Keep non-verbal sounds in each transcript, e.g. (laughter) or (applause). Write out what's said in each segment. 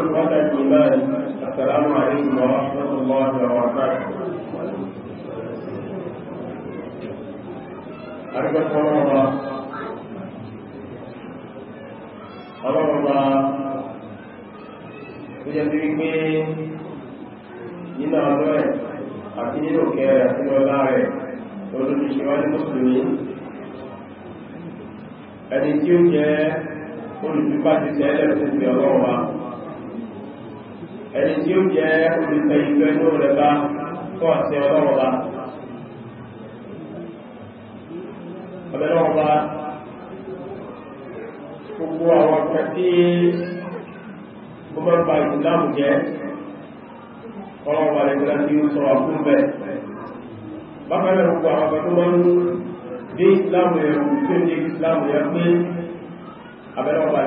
إخوة الإيمان السلام عليكم ورحمة الله وبركاته أرجو الله الله Ìjọba wípé nínú ọjọ́ ẹ̀ àti nínú òkè rẹ̀ àti ọlá rẹ̀ olóòtú ṣe wá ní Mùsùlùmí. Ẹni tí ó jẹ́ olùdúpá ti tẹ́lẹ̀ fún ìgbẹ̀ ọlọ́wọ́ ẹni tí ó jẹ́ olùfẹ́ ìfẹ́ inú rẹ̀ bá tó àti ọlọ́wọ́ bá ọlọ́wọ́ bá gbogbo àwọn ọ̀pẹ́ tí ó bá gba ìsìláàmù jẹ́ ọlọ́wọ́ bá lè gbọ́lá tí ó sọ àkún bẹ́ bákanlẹ̀ gbogbo àwọn ọ̀pẹ́ tó mọ́ dé ìsìláàmù ẹ̀rù tí ó dé ìsìláàmù ẹ̀ pé abẹ́lọ́wọ́ bá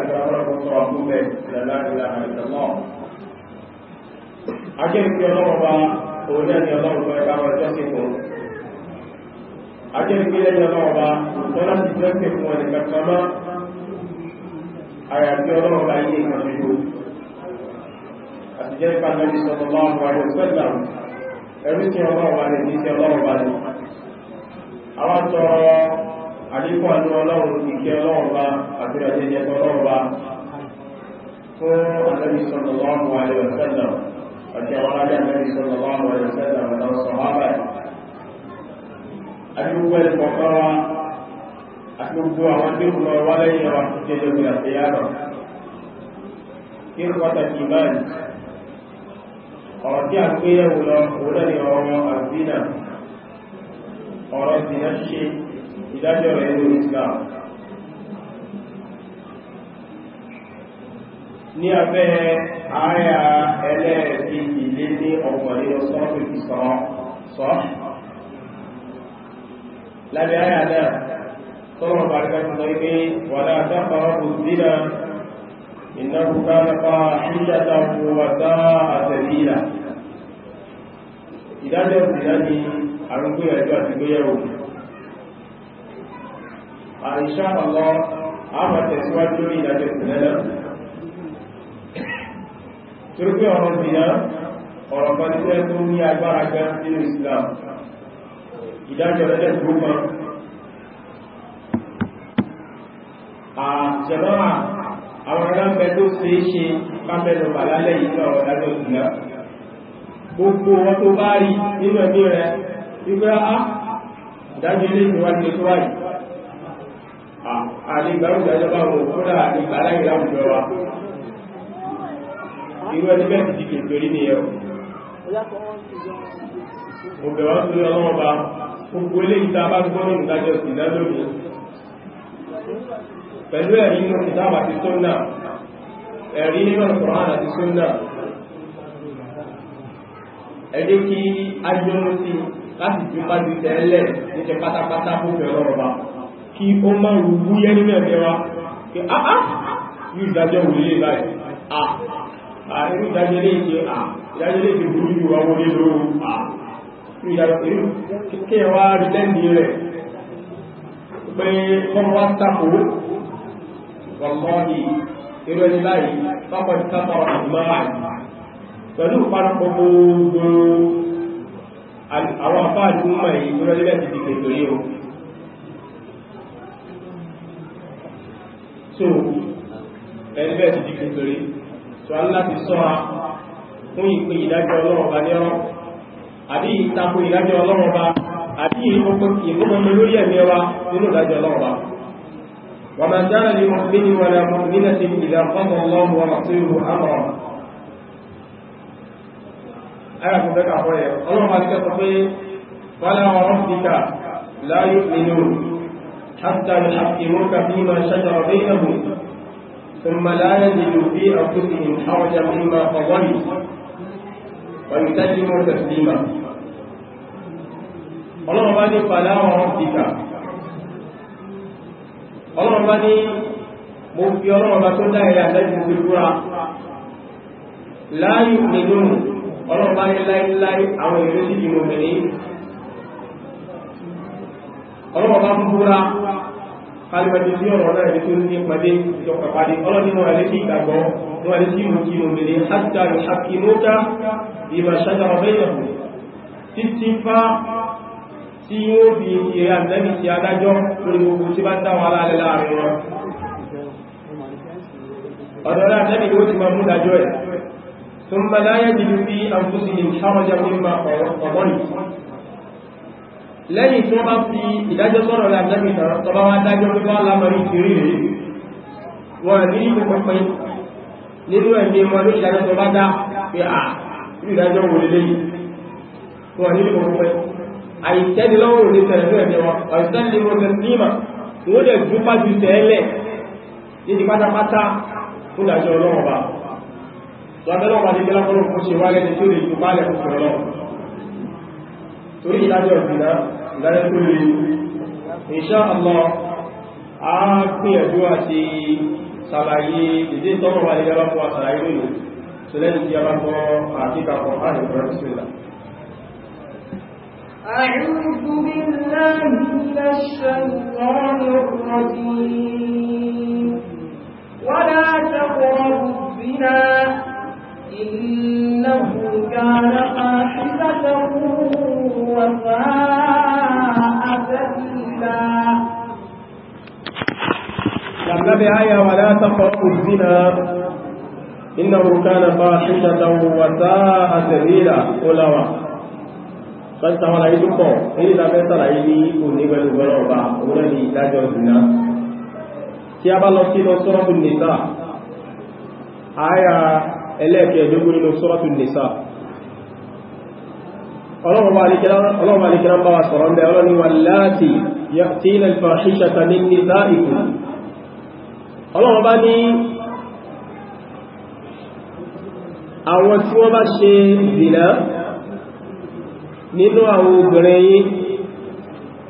lè gbọ́lá ajẹ́rìí ọlọ́run bá òun ẹni ọlọ́run bá ẹka wọn ẹjọ́ sí fún ajẹ́rìí ẹni ọlọ́run bá wọ́n láti jẹ́ sí fún ẹni kankan mọ́ àyàbí ọlọ́run bá yé nǹkan gbogbo àti jẹ́ ipa lẹ́bí sọ́tọ̀ bá wọn wáyé sẹ́lá ẹrú sí ọlọ́run bá lè ní sí ọlọ́run bá lè àwọn tọrọ àdínkù àti ọlọ́run ìkẹ́ ọlọ́run bá àti ìrọ̀lẹ́jẹ́ ọlọ́run bá fún àlẹ́bí sọ́tọ̀ bá wọn wáyé sẹ́lá وجعل النبي صلى الله عليه وسلم له الصحابة أدعو الفقراء أدعو وأدعو ولي وحجة من القيامة إخوة الإيمان ọ̀rọ̀dí àgbéyẹ̀ òlẹ́rìn ọ̀rọ̀ àgbínà ọ̀rọ̀ ìdínáṣe ìdájọ́ rẹ̀ ní Islam ní abẹ́ ààyà ẹlẹ́ẹ̀kì ilé ní ọ̀pọ̀lẹ́ ọ̀sọ́rọ̀ ìfìsàn sọ́ lábẹ́ ààyà náà sọ́rọ̀ bàrẹ́kà ti sọ ipé wà láàtà pàwọ́pù sílá iná rúgbá nípa ìjàta wọ́ta àtẹ̀lílà ìdájọ́ ìdá ni àrùnkú ẹ̀jọ́ àti gbéyàwó àìṣà ọlọ́ àbàtẹ̀síwájú ìdájọ́ ìdá náà torí pé ọ̀rọ̀ ìdìnà ọ̀rọ̀ kan tí ẹ tó ní agbára gan nínú Islam ìdájọ́ ẹ̀lẹ́ gbogbo àjẹ̀mọ́ra àwọn ẹlẹ́mẹ́ tó ṣe é ṣe kápẹ́lù bàlálẹ̀ yìí lọ́rọ̀ dájọ́ ìdìnà gbogbo wọn tó bá rí nínú ẹ̀mí rẹ̀ wípé á ah, ìdájọ́ ilé ìwádìí tó wáyìí àti ìgbàrúgbà ìjọba òun kódà ìgbàláyìí láwùjọ wa irú ẹni bẹ́ẹ̀ ti kèfè rí nìyẹn mo bẹ̀rẹ̀ wọ́n tó lọ́wọ́ bá gbogbo ilé ìta bá gbọ́nà ìdájọ́ sí lẹ́lómi pẹ̀lú ẹ̀rí inú ìdáàbà ti sọ́nà ẹ̀rí nínú ìkọ̀rán àti sọ́nà ẹ̀dẹ́ kí ajọ́nú sí láti fi bá ti tẹ́lẹ̀ níṣẹ́ pátápátá fún bẹ̀rẹ̀ ọba kí ó má rú búyẹ́ nínú ẹ̀mẹ́wàá pé áá yóò dájọ́ wòlé báyìí ah, ah ààrẹ ìdájẹ́ lè jẹ́ à ìdájẹ́ lè jẹ́ burú yíwa wọlé lóòrùn à ìyàtẹ̀rù kíkẹ́ wá rí lẹ́ndì rẹ̀ pé wọ́n wá tako wọ̀mọ́ni irú ẹni láì pápọ̀ ìtàkọ̀ àgbáàì pẹ̀lú ìparapọ̀ gbogbo àwọn àfáàdì mọ̀ èyí tó rẹ́lẹ́ ti di kètò yìí o so ẹni bẹ́ẹ̀ ti tó aláti sọ́ra fún ìpè ìdájọ́ ọlọ́run bá lẹ́rọ àbí ìtakò ìdájọ́ ọlọ́run bá àbí ìmúkọmọ lórí ẹ̀mí wa nínú ìdájọ́ ọlọ́run bá wà máa dára ní mọ̀míní wọn ni mọ̀míní ti ìlà fọ́nà ọlọ́run wọn àti ìlú wọ́n ثم لا يجدوا في أنفسهم حرجا مما قضيت ويسلموا تسليما ọlọ́run bá ní fàlá ọ̀rọ̀ dìkà ọlọ́run bá ní mo fi ọlọ́run bá tó dáẹ̀rẹ́ àtẹ́jù ti fúra láàyù nínú ọlọ́run bá ní láíláí àwọn ìrísí ìmòmìnì ọlọ́run bá ń fúra kálíwájú tí ọ̀rọ̀ náà ní tó ní pàdé ìjọpàpàdé ọlọ́dún wọn lè sí ìgbàgbọ́ wọn lè sí ìmùkìmù lè hátàrí hakimuta ìmọ̀ ṣájára bẹ́yẹ̀kù títí fá tí ó fi ìrẹ́ àtẹ́bì sí adájọ́ lórí gbogbo tí bá ń dáwọn alálẹ́ láàrin wọn ọ̀dọ̀ náà tẹ́bì ó ti máa mú dájọ́ ẹ̀ tó ń bá láyé jìlú bí àǹkúsí ìṣàrọ̀jà mímọ̀ ọ̀rọ̀ ọ̀rọ̀ lẹ́yìn tí wọ́n bá fi ìdájọ́ sọ́rọ̀ rẹ̀ àjẹ́bì ìtàrà tọba wá dájọ́ pé bá lámọ̀rí ìkiri rẹ̀ wọ́n rí ní pẹ́pẹ́ nínú ẹ̀mí wọn ní ìdájọ́ tó bá dá pé à ní ìdájọ́ wò lè léyìn wọ́n rí ní pẹ́pẹ́ àìsẹ́nilọ́wọ́ ò lè tẹ̀lé ní ẹ̀mí wọn àìsẹ́nilọ́wọ́ ò lè níma wọ́n lè dúpá ju tẹ́lẹ̀ níbi pátápátá fún ìdájọ́ ọlọ́wọ́ bá lọ́bẹ̀lọ́wọ́ bá ti gbẹ́lá torí ìdájọ́ ìdíná ìdájọ́ tó lè insha Allah a gbìyànjú àti sàlàyé ìdí tọ́rọ wà nígbà bá fún wa sàlàyé lónìí tó lẹ́nu tí a bá kọ́ àkíkàkọ́ àìkọ́ ìsìnlá إنه كان فاحشة وراء سبيلا لم بآية ولا تقربوا الزنا إنه كان فاحشة وساء سبيلا قلوا sọ́jítà wọn láyé tó pọ̀ ní ìdámẹ́sàrà yìí ní onígbẹ̀lú gbọ́nà ọba òun ní ìdájọ́ ìdìnà tí a bá lọ sí lọ sọ́rọ̀tù nìsà ààyà ẹlẹ́ẹ̀kẹ́ ẹ̀dógún nínú sọ́rọ̀tù nìsà ọlọ́run bá lè kíra bá wa sọ̀rọ̀ mẹ́ ọlọ́run wà láti tí ilẹ̀ fàṣíṣàtà ní nìta ìkù ọlọ́run bá ní àwọn tí wọ́n bá ṣe dìnà nínú àwọn obìnrin yìí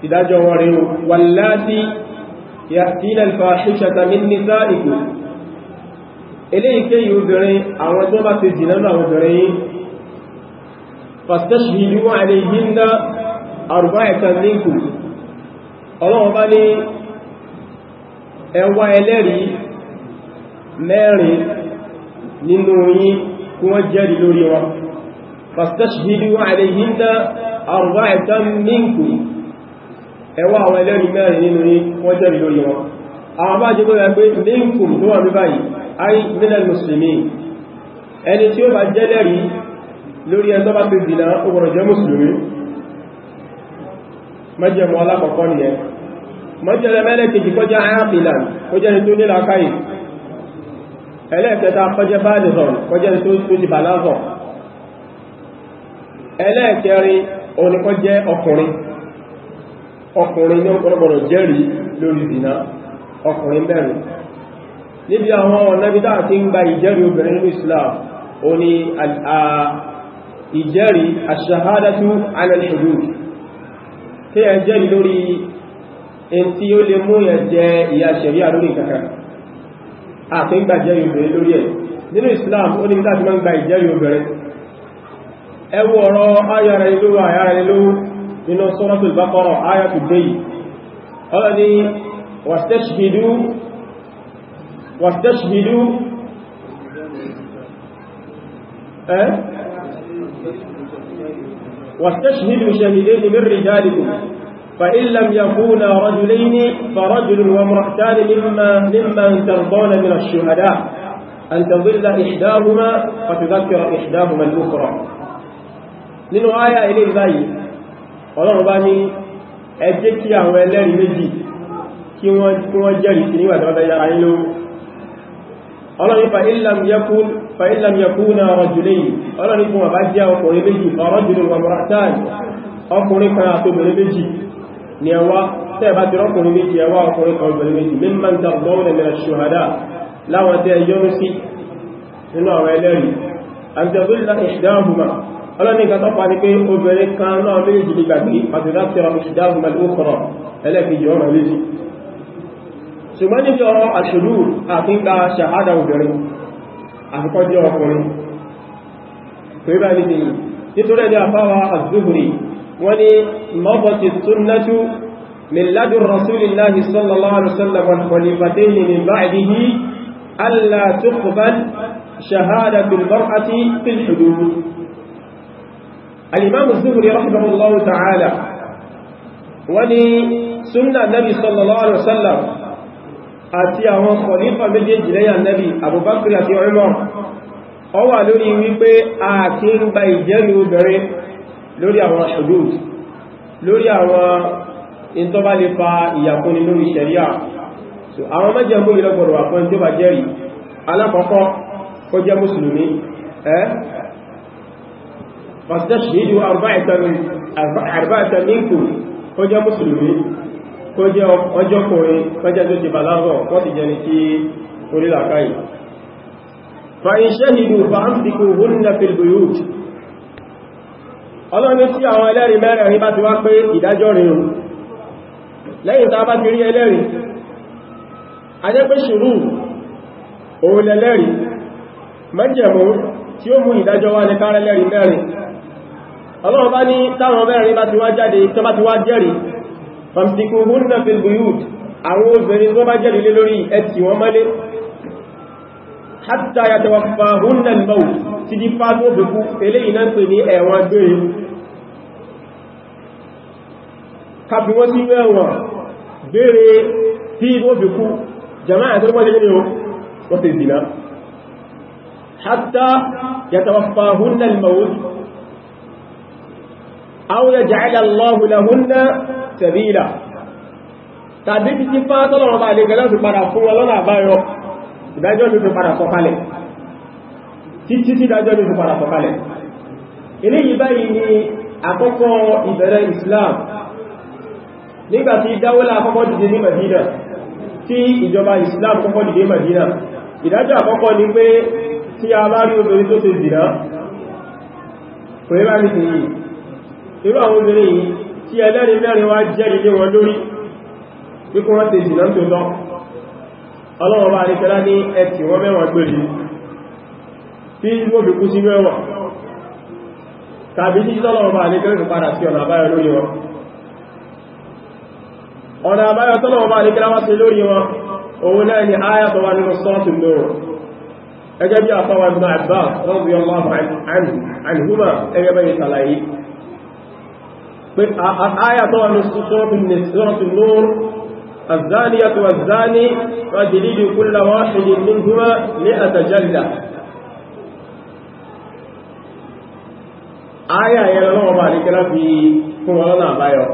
ìdájọ́ wọn rí wà láti tí ilẹ̀ fàṣíṣàtà ní nìta ìkù eléyìí obìnrin àwọn tí wọ́n bá ṣe dìnà náà obìnrin yìí fàstẹ́ṣìlú àlèyìnlá àrùbá ẹ̀ta nínkù ọlọ́wọ́ bá ní ẹwà ẹlẹ́rìí mẹ́rin nínú yí kí wọ́n jẹ́rìí lórí wọn fàstẹ́ṣìlú àlèyìnlá àrùbá ẹ̀ta nínkù ẹwà àwọn ẹlẹ́rìí mẹ́rin nínú yí wọ́n jẹ́rìí lórí wọn àwọn bá jẹ́ lórí ẹni tó bá ti zìnà ó gbọ́dọ̀ jẹ́ mùsùlùmí májẹ̀mú alákọ̀ọ́kọ́ nìyẹn májẹ̀mú ẹlẹ́kejì kọjá ààbìlàn kọjá ni tó ní làákàyè ẹlẹ́ẹ̀kẹta kọjá báàdìsàn kọjá ni tó ní bàlázọ̀ ẹlẹ́ẹ̀kẹrin oníkọ́ jẹ́ ọkùnrin ọkùnrin ní ọ̀pọ̀lọpọ̀lọ̀ jẹ́rìí lórí zìnà ọkùnrin bẹ̀rẹ̀ níbi àwọn ọ̀nà bí dáa ti ń gba ìjẹ́rìí aṣàhádátú alẹ́ṣùgbù tí ẹ jẹ́rìí lórí in tí ó lè mú yẹn jẹ ìyà ṣẹ̀ríà lórí kankan àti ń gbà jẹ́rìí obìnrin lórí ẹ̀ nínú Islam ó ní láti máa ń gba ìjẹ́rìí obìnrin ẹwọ ọ̀rọ̀ ayára ilú ayára واستشهدوا شهدين من رجالكم فإن لم يكونا رجلين فرجل وامرأتان مما ممن ترضون من الشهداء أن تضل إحداهما فتذكر إحداهما الأخرى nínú àyà ilé ìbáyìí ọlọ́run bá ní ẹ jẹ́ kí àwọn ẹlẹ́rìí méjì kí wọ́n jẹ́rìí sí nígbàtí wọ́n tẹ́ yára nílò ọlọ́run fa illam yakun فإن لم يكونا رجلين أولا نكون أبجي أو قريبجي فرجل ومرأتان أو قريبا أتبريبجي نيوا تبات رقم بجي أو قريبا أتبريبجي ممن ترضون من الشهداء لا وتأيونسي إنه أولاري أن تظل إحداهما أولا نكتب عنك أبريبا كانوا بجي لكبري فتذكر إحداهما الأخرى ألا في يوم بجي ثم نجرى الشدود أقيم شهادة أبريبا àfikọ́ jẹ́ ọkùnrin pẹ̀lú bá nìdí nítorí ẹni àfáwà az-Zuhri wọ́n ni mọ́bọ̀tí sunnatu min ladun rasulillahi sallallahu alaihi wasallam wal-khalifatayni min ba'dihi alla tuqbal shahadatul mar'ati fil hudud al-imam az-Zuhri rahimahullahu ta'ala wọ́n ni sunna nabi sallallahu alaihi wasallam àti àwọn kọ̀nífà méjèèjì lẹ́yà nẹ́bì Abubakar àti Umar ó wà lórí wípé a kí ń gba ìjẹ́rì obìnrin lórí àwọn hudud lórí àwọn ìntọ́bá lè fa ìyàkúnni lórí ṣẹ̀ríà so àwọn mẹ́jẹ̀mú ìlọ́gbọ̀rọ̀ àpọ́n tó bá jẹ́rì alákọ̀ọ́kọ́ kó jẹ́ mùsùlùmí ẹ́ fastashhidu arba'atan minkum kó jẹ́ mùsùlùmí kó jẹ́ ọjọ́kùnrin kó jẹ́ tó ti bàlágọ̀ kó sì jẹni tí orílàkáyì fa in shahidu fa amsikuhunna fil buyut ọlọ́ni tí àwọn ẹlẹ́rìí mẹ́rẹ̀rin bá ti wá pé ìdájọ́ rẹ̀ rùn lẹ́yìn tá bá ti rí pé ìdájọ́ wá ọlọ́run bá ní táwọn mẹ́rin bá ti wá jáde tó bá ti wá jẹ́rìí famsikuhunna fil buyut àwọn obìnrin tó bá jẹ́rì lé lórí ẹtì wọn mọ́lé hatta yatawaffahunna al-maut ti di fàtó bukú eléyìí náà pè ní ẹ̀wọ̀n gbére kàbí wọ́n sí ẹ̀wọ̀n gbére tí ó bukú jama'a aw yaj'ala Allahu lahunna sabila tàbí fi ti fá tọ́lọ̀rọ̀ bá lè gẹ́lẹ́ fi padà fún wọn lọ́nà àbáyọ ìdájọ́ ní fi padà sọ̀kalẹ̀ títí tí ìdájọ́ ní fi padà sọ̀kalẹ̀ ilé yìí báyìí ni àkọ́kọ́ ìbẹ̀rẹ̀ Islam nígbàtí dáwọ́lá àkọ́kọ́ dìde ní Madina tí ìjọba Islam kọ́kọ́ dìde Madina ni pé tí a bá rí obìnrin tó ṣe zìnà pẹ̀lú irú àwọn obìnrin yìí tí ẹlẹ́rìí mẹ́rin wá jẹ́rìí lé wọn lórí bí wọ́n ti jìnà tó lọ ọlọ́wọ́ bá rí ní ẹtì wọ́n mẹ́wàá gbèrè tí wọ́n fi kú sí mẹ́wàá tàbí tí tọ́lọ́wọ́ bá rí kẹ́lá padà sí ọ̀nà àbáyọ lórí wọn ọ̀nà àbáyọ tọ́lọ́wọ́ bá rí kẹ́lá wá sí lórí wọn òun náà ni áyà tó آية طبعا سورة النسرة النور الزانية والزاني فجلد كل واحد منهما مئة جلدة آية يلوم عليك في كمالنا بايو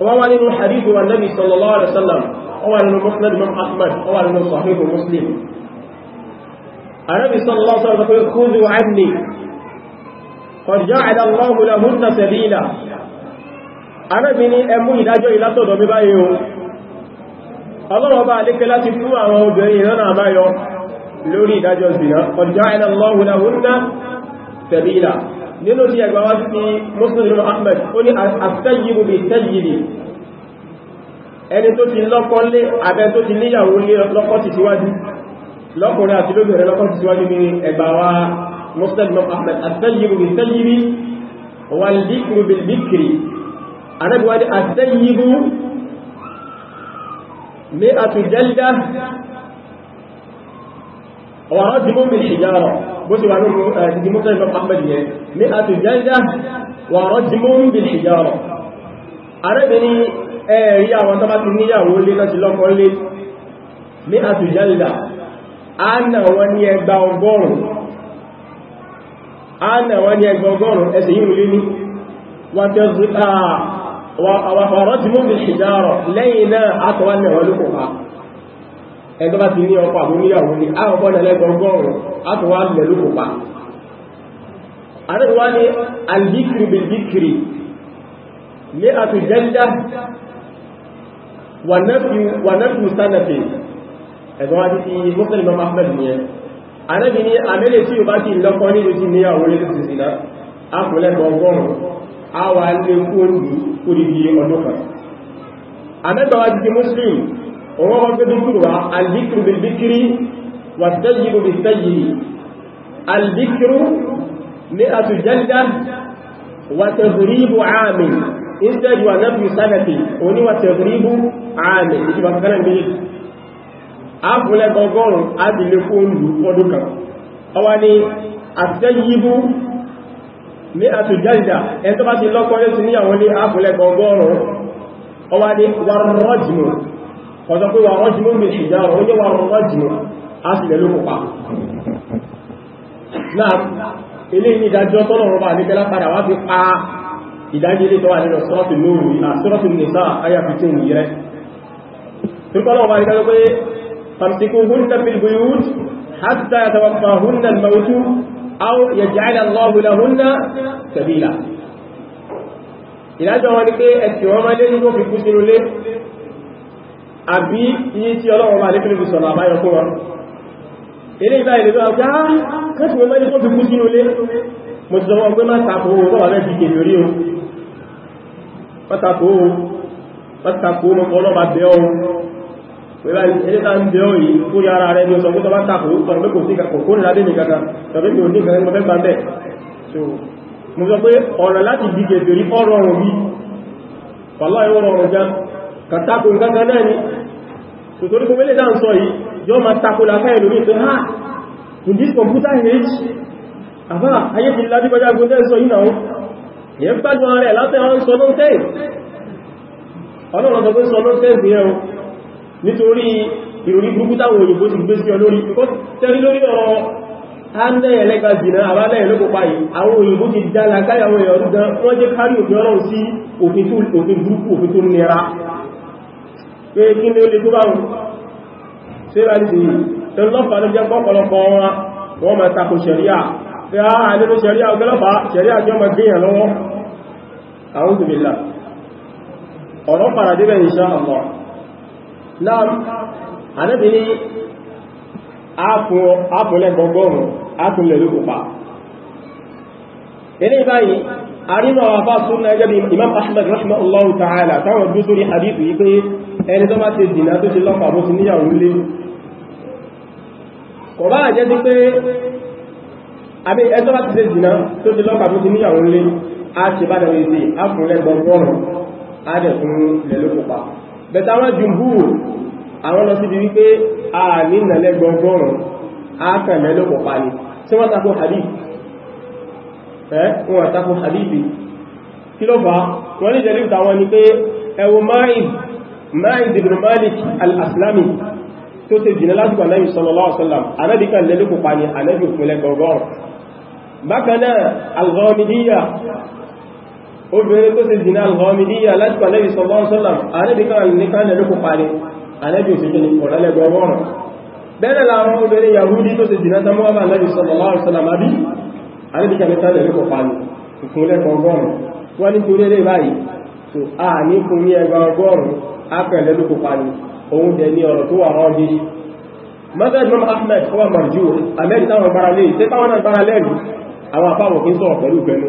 وما لنا حديث والنبي صلى الله عليه وسلم هو المسند من أحمد هو المصحيح المسلم النبي صلى الله عليه وسلم يقول خذوا عني قد جعل الله لهن سبيلا Ànábì ní ẹ mú ìdájọ́ ìlátọ̀dọ̀ mi báyìí o. Ọlọ́run bá lékẹ́ láti fún àwọn obìnrin ìrànà àbáyọ lórí ìdájọ́ ìsìnà. Qad ja'ala Allahu lahunna sabila. Nínú ti Lọ́kùnrin àti lóbìnrin lọ́kọ́ ti síwájú ní ẹgbà مسلم امام احمد الطيب بالطيب والذكر بالذكر انا بقول الطيب 100 جلده ورجل بالحجاره بصي بقول دي مسلم امام احمد يعني 100 جلده ورجل بالحجاره انا بني ايه يا وانت ما تنياو لي لا تلوكو لي 100 جلده انا وني اغبا ọgọ́rùn ana wọ́n ní ẹgbẹ̀ ọgọ́rùn ẹsẹ̀ yìí lé ní wàfàrọ́ ti mú bí ṣìdárọ̀ lẹ́yìn náà àtọwà náà wọ́n lókò pa ẹgbẹ́ bá ti ní ọkọ̀ àmúníyàwó ní àwọ̀kọ́ náà lẹ́gbẹ̀ ọgọ́rùn àtọwà lẹ́ lókò pa àdẹ́gbẹ̀ wá ní albikiri bilbikiri ní àtùjẹ́ndá wà náà fi sánàfẹ́ ẹgbẹ́ wá ti fi mọ́sílẹ̀ anábi ní abẹ́lẹ̀ tí ó bá ti lọ́kọ́ nílùú ti níyàwó lè ti zìnà ápùlẹ́kọ̀ ọgọ́rùn a wà lè kúrò kúrìbí ọdún kan amẹ́gbàwà ti di muslim òun ọmọ gbé dúkùrùwá albikru bilbikiri wà tẹ́yìrù bí tẹ́yìrì albikru ní àtùjẹ́dá wà tẹ̀gùrìbù àmì instead ápùlẹ́gọgọ́rùn ábìlé fóònù ọdún kan ọwá ni àtẹ́yìbú ní àtùjáìdà ẹn tó bá ti lọ́kọ́ yóò ti níyàwó ní ápùlẹ́gọgọ́rùn ọwá ní wàrọ̀rọ̀jìmù ọ̀sọ̀ pé wàrọ̀rọ̀jìmù mi ṣùjá ó ní ìdájọ́ فامسكوهن في البيوت حتى يتوفاهن الموت أو يجعل الله لهن سبيلا ìdájọ́ wọn ni pé ẹ̀sì wọn máa lé ní wọ́n fi kú sínú lé àbí iye tí ọlọ́wọ́ máa lé fílìpì sọ̀rọ̀ àbáyọ fún wọn eré ìbá ilé lọ́wọ́ pé áá kẹ́sì wọn máa lé wọ́n fi kú sínú lé mo ti sọmọ́ pé máa tàkó owó pẹ̀lá ẹlẹ́ta ń bẹ̀ọ́ yìí tó yà ara rẹ̀ ní ọ̀sán tó bá tàkù tọ̀rọ̀ mẹ́kò sí kòkó ní lábẹ́ nìkàkà tọ̀rọ̀ mẹ́kò ní ìkàkà mọ́fẹ́ gbà bẹ́ẹ̀ so mo sọ pé ọ̀rọ̀ láti di kèfèrí ọ̀rọ̀ ọ̀rọ̀ bí pàlọ́ ẹwọ́ ọ̀rọ̀ já kàtàkù nǹkan ni kò torí kò mẹ́lẹ̀ dáń sọ yìí yọ ma takò láfẹ́ ìlú pé ha in computer age àbá ayé ti lábí kọjá gúndẹ́ sọ yìí náà yẹ gbádùn ara ẹ̀ látẹ̀ ọ̀rọ̀ sọ lóńtẹ́ ọlọ́run sọ pé sọ lóńtẹ́ nítorí ìròyìn burúkú táwọn òyìnbó ti gbé sí ọ lórí kó tẹ́rí lórí ọ̀rọ̀ ándẹ́yẹ lẹ́gbà jìnà àwálẹ́yẹ ló kópa yìí àwọn òyìnbó ti dá lágbàáyà àwọn èèyàn gan wọ́n jẹ́ kárí òfin ọlọ́run sí òfin burúkú òfin tó nira pé kí ni ó lè tó báwọn ṣe rà nìsí tẹ́lọ́fà ló jẹ́ pọ́pọ̀lọpọ̀ wọn wọ́n máa tako ṣẹ̀ríà pé ah, a àdínú ṣẹ̀ríà ọgọ́lọ́fà ṣẹ̀ríà jọ máa gbìyàn lọ́wọ́ àwọn òbìlà ọ̀rọ̀ fàràdébẹ̀ insha Allah náà ànábì ní ápùnlẹ́gbọ̀gbọ̀rùn ápùnlẹ̀lógópa ilé báyìí àrínà àfá súnà ẹgẹ́ bí imam ahmad rahimahullahu ta'ala táwọn dú sórí hadithu yí pé ẹni tó má ti dìnà tó ṣe lọ́pàá bó ti níyàwó lé kò bá jẹ́ sí pé àbí ẹjọ́ bá ti ṣe jìnà tó ti lọ́pàá bẹ̀tà wọn jùmhúrù àwọn lọ síbi wípé a ní ìnàlẹ́ gbọngọrùn ákàmẹ́lòpọ̀ pa ni tí wọ́n tako hadith ẹ́ wọ́n tako hadith kí ló fà wọ́n ní jẹ́lú ìtàwọn ni pé ẹwọ Ma'in ibn Malik al-Aslami tó ṣe jìnà obìnrin tó ti dìná lọ́mí níyà láti pàdé ìsọ̀lọ́n sọ́làm àrẹ́bìkan nìkan lẹ́rẹ́ kò parí àrẹ́bì òsìnkí ní ọ̀rẹ́lẹ́gbọ̀ ọmọrùn bẹ́ẹ̀ láwọn obìnrin yahudi tó ti dìná tamuwaba lẹ́rẹ́ ìsọ̀lọ́n sọ́làm àbí nìkan òun dẹ̀ ní ọ̀rọ̀ tó wà rán ní mọ́tẹ́ imam ahmed kọwa marjú amẹ́rì táwọn gbára lè tẹ́ táwọn náà gbára àwọn apáwọ̀ kí pẹ̀lú ìgbẹ̀nu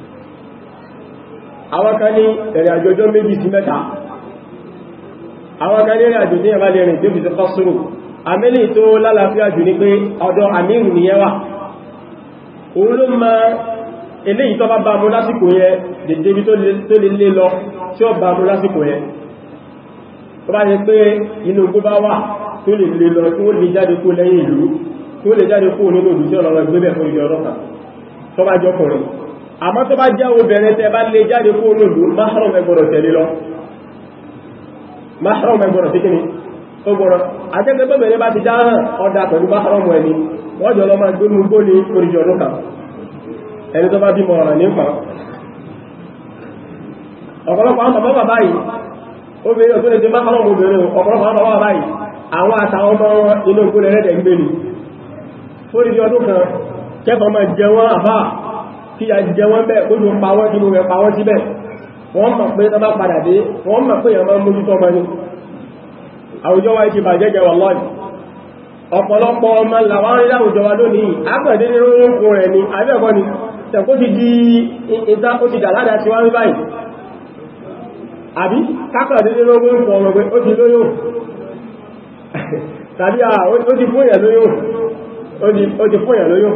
Awakani kan ní ẹ̀rẹ̀ àjọjọ́ méjì sí mẹ́ta àwọn kan ní ẹ̀rẹ̀ àjò tí ẹ̀bá lè rìn tí ó fi sọ́kọ́ sórò àmẹ́lì tó lálàáfíà jù ní pé ọ̀dọ̀ àmírù nìyẹn wà òun ló ma eléyìí tó bá bá mú lásìkò yẹ dèdèbí tó lè lé lọ tí ó bá mú lásìkò yẹ tó bá ní pé inú ogun bá wà tó lè lè lọ tí ó lè jáde kó lẹ́yìn ìlú tí lè jáde kó nínú òdù ọ̀rọ̀ ẹgbẹ́ bẹ̀ fún ìjọ ọlọ́ta tó bá jọkùnrin àmọ́ tó bá jẹ́ obìnrin tẹ́ bá lè jáde kó olóòlù mahram ẹgbọ̀rọ̀ tẹ̀lé lọ mahram ẹgbọ̀rọ̀ tí kíni tó gbọ́rọ̀ ajẹ́gbẹ́ bẹ̀rẹ̀ bá ti já hàn ọ̀dà pẹ̀lú mahram ẹni wọ́n jọ lọ máa gbé mú gbóni oríjọ ọdún kan ẹni tó bá bí mọ̀ ọ̀ràn nípa ọ̀pọ̀lọpọ̀ àwọn bàbá báyìí obìnrin òtún lè ti mahram ọmọ inú ìgbóni kí a jẹ wọ́n bẹ́ẹ̀ kó jùn pàwọ́ jùn rẹ̀ pàwọ́ síbẹ̀ wọ́n mọ̀ pé tọ́bá padà dé wọ́n mọ̀ pé ẹ̀mọ́ mójútó ọmọ ní àwùjọ wa ìṣẹ́ bàjẹ́ jẹ́ wallahi ọ̀pọ̀lọpọ̀ ọmọ làwọn rí láwùjọ wa lónìí àpẹẹdé ní orúnkún rẹ̀ ni abẹ́ẹ̀kọ́ ni tẹ̀kó ti di ìta ó ti dàládà sí wọ́n báyìí àbí kápẹ̀ẹ̀dé ní orúnkún ọmọ pé ó ti lóyún (laughs) tàbí ó ti fún ìyà lóyún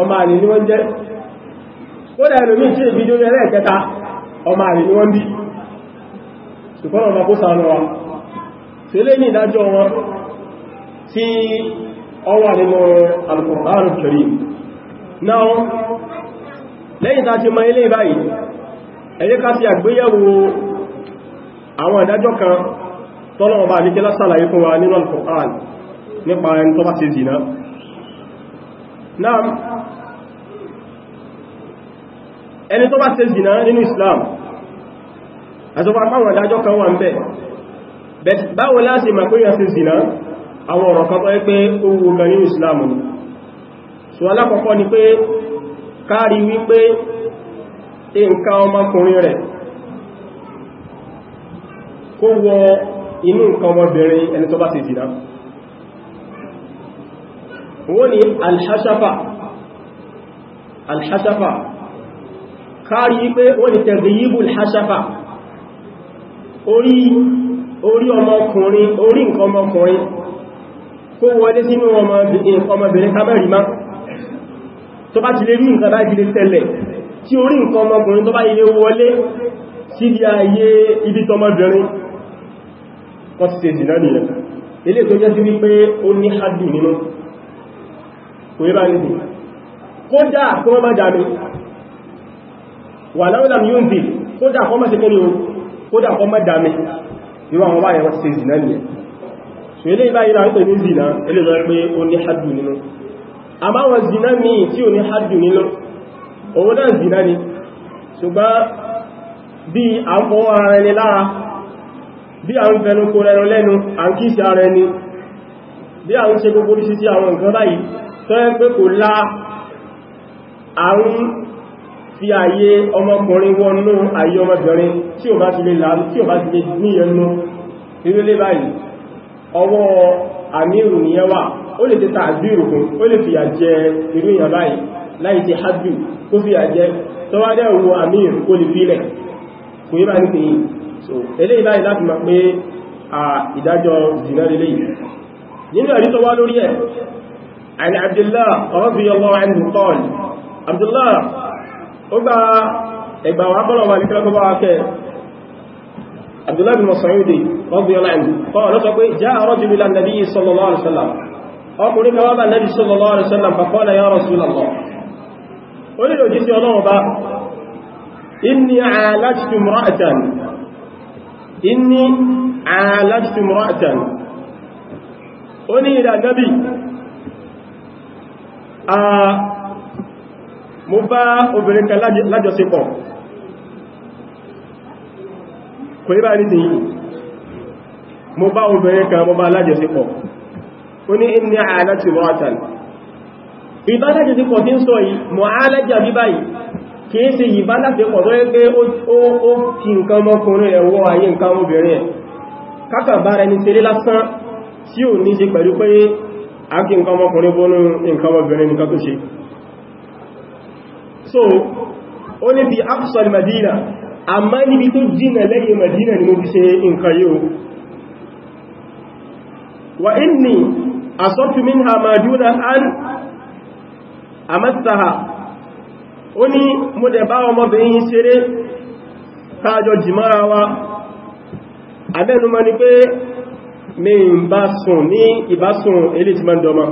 ọmọ àrè ni wọ́n jẹ́ ó dà ẹlòmí tí èbí lórí ẹlẹ́ẹ̀kẹta ọmọ àrè ni wọ́n bí ṣùgbọ́n ọmọ kó sànú wa tí lé ní ìdájọ́ wọn tí ọ nínú Al-Qur'an náà lẹ́yìn ma ilé báyìí ká àgbéyẹ̀wò àwọn ìdájọ́ kan sàlàyé fún wa nínú nípa ẹni tó bá ti ẹni tó bá ṣe zìnà nínú Islam àtọ́fà pàwọn ìdájọ́ kan wà ń bẹ̀ báwo láti mọ̀ pé yàn ṣe zìnà àwọn ọ̀rọ̀ kan tó yẹ pé ó wù gan nínú Islam ni so alákọ̀ọ́kọ́ ni pé kárí wípé nǹkan ọmọkùnrin rẹ̀ kó wọ inú nǹkan ọmọbìnrin ẹni tó bá ṣe zìnà wọ́n ni alhashafa alhashafa kárí pé wọ́n ni tẹ̀gbìyìbùl hashafa orí orí ọmọkùnrin orí nǹkan ọmọkùnrin kó wọlé sínú ọmọbìnrin kamẹ́rin má tó bá ti lè rí nǹkan bá jílé tẹ́lẹ̀ tí orí nǹkan ọmọkùnrin tó bá yẹ wọlé sí di ayé ibi tọmọbìnrin wọ́n ti tèzì náà nìyẹn ilé tó jẹ́ sí wípé ó wà láwọ́lá ní yóò kódà kọ́ mọ́ sí kí ni o kódà kọ́ mọ́ dámi irú àwọn wáyé wọ́n ti zìnà nìyẹn so ilé ìbáyé là ń pè ní zìnà ilé ìjọ pé ó ní hajjù nínú àmá wọn zìnà ní tí ò ní hajjù nínú ni ṣùgbọ́n bí a ń fọwọ́ ara ẹni lára bí a ń fẹnu kó lẹ́nu lẹ́nu à ń kí fi ààyè ọmọkùnrin wọnú ààyè ọmọbìnrin tí ò bá ti lè láàrú tí ò bá ti lè níyẹnú ìrẹ́lẹ́ báyìí ọwọ́ àmírù nìyẹn wà ó lè tẹta àgbírù fún ó lè fìyà jẹ irú ìyàn báyìí láì ti hajjú kó fìyà jẹ tọ́wádẹ́ òwò àmírù kó lè fílẹ̀ kò yí bá ní tèyí so eléyìí عبد الله mọ̀ pé à ìdájọ́ zina lélẹ̀ ó gba ẹgbà wà bọ́lọ̀ wà nípa gbogbo akẹ́ abdullahi bin masaudi radiyallahu anhu kọ́wọ́ lọ́sọ pé jaa rajulun ila nabiyyi sallallahu alaihi wasallam ọkùnrin kan wá bá nabi sallallahu alaihi wasallam faqala ya rasulallah ó nílò jí sí ọlọ́wọ́ bá inni alajtu imra'atan inni alajtu imra'atan ó ní ìdá nabi mo bá obìnrin kan lájọsípọ̀ kò ní bá ní ti yìí mo bá obìnrin kan mo bá lájọsípọ̀ ó ní ní àláti rọ́tàn ìbálájọsípọ̀ tí ń sọ yìí mọ̀ álájà bí báyìí kìí ṣe ìbálájọsípọ̀ tó yẹ pé ó fi nǹkan mọ́kùnrin ẹ̀wọ́ ayé nǹkan obìnrin ẹ̀ kákà bára ẹni tẹ́lé lásán tí ò ní ṣe pẹ̀lú pé a kí nǹkan mọ́kùnrin bónú nǹkan obìnrin nǹkan tó ṣe so ó ní bí madina níbi tó madina ni mo fi ṣe nǹkan wa inni ma dúnà an ó ní mo dẹ̀ bá ọmọbìnrin ṣeré káàjọ jìmára wa ni pé mi ń bá sùn ní ìbásùn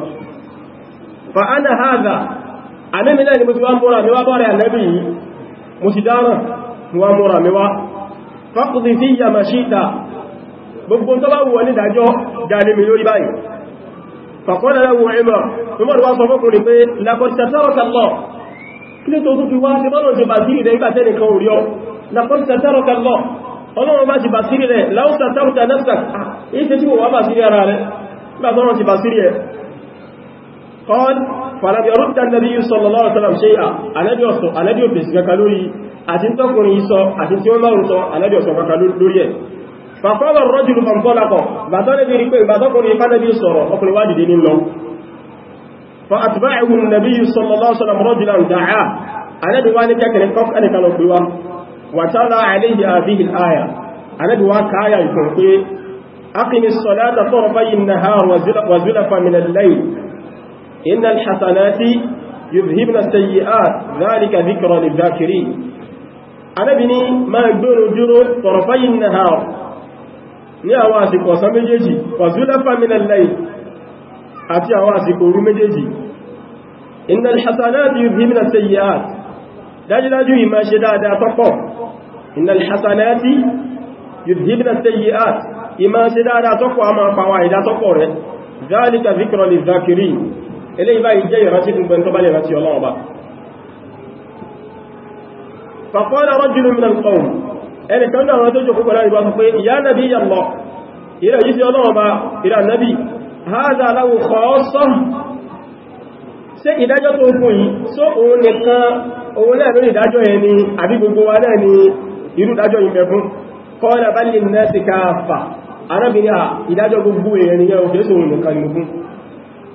anẹ́mi náà ni mo ti wá múra mi wá bọ́rẹ̀ anẹ́bì yìí mo ti dáràn mo wá múra mi wá fákùsì sí ìyà màṣíta gbogbo tó bá wù ní ìdájọ́ dáadé mi lórí báyìí fàkọ́lá lẹ́wọ̀ ẹmọ̀ tó mọ̀ wá sọ fọ́kùnrin pé lakọ́sítàtàrọ̀kàlọ́ kí ló tó tún fi wá sí bọ́lọ̀ ti fàlàbí ọdún tàbí sallallahu alaihi wasallam ṣe ànẹ́bí ọ̀sọ̀ ànẹ́bí òfèsì kaka lórí àti tọ́kùnrin sọ àti tí ó márùn sọ ànẹ́bí ọ̀sọ̀ kaka lórí ẹ̀ fàkọ́lọ̀ rọ́jùlù النبي صلى الله عليه وسلم رجلا دعاه أنا دواني كاكري كوك أنا كانوا بيوا وتلا عليه أنا دواك آية يكون أقم الصلاة طرفي النهار وزلفا من الليل إن الحسنات يذهبن السيئات ذلك ذكرى للذاكرين أنا بني ما يقدر جرو طرفي النهار ní àwọn àsìkò ọ̀sán méjèèjì wàzúlẹ́fà minal layl àti àwọn àsìkò òru méjèèjì innal hasanati yudhibna sayyi'at dájúdájú ìmá ṣe dáadáa tọ́pọ̀ innal hasanati yudhibna sayyi'at ìmá ṣe dáadáa tọ́pọ̀ a máa pàwà ìdátọ́pọ̀ eléyìí báyìí jẹ́ ìrántí gbogbo ẹni tó bá lè rántí ọlọ́run bá fàkọ́lá rọ́jùlù mìíràn kọ̀ọ̀rùn ẹni kan náà tó jò kúkọ̀ láìbá sọ pé ìyá nàbí yàlọ́ ìrẹ̀ yìí sí ọlọ́run bá ìrà nàbí hádà aláwò kọ́ọ̀sọ́ ṣe ìdájọ́ tó fún yìí só òun nìkan òun náà lórí ìdájọ́ yẹn ni àbí gbogbo wa náà ni irú kọ́ọ̀lá bá lè nẹ́ẹ̀sì káàfà arábìnrin ìdájọ́ gbogbo èèyàn ni yẹn òkè nìkan ni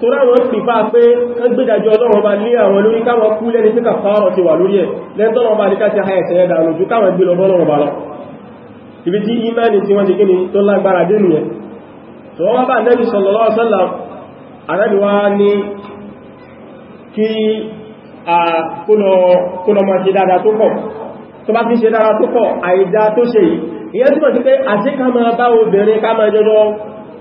tó ráwọn pìfà pé kán gbéjàjọ ọlọ́run bá lé àwọn lórí káwọn kú lẹ́ni pé kàfàárọ̀ ti wà lórí ẹ̀ lẹ́tọ́rọ̀ bá ní káti àyẹ̀sẹ̀ ẹ̀dà lójú káwọn gbé lọ́bọ́lọ́run bá lọ ibi tí ìmáni tí wọ́n ti gíní tó lágbára dé nìyẹn tó wọ́n bá nẹ́bí sallallahu alaihi wasallam ànábì wá ní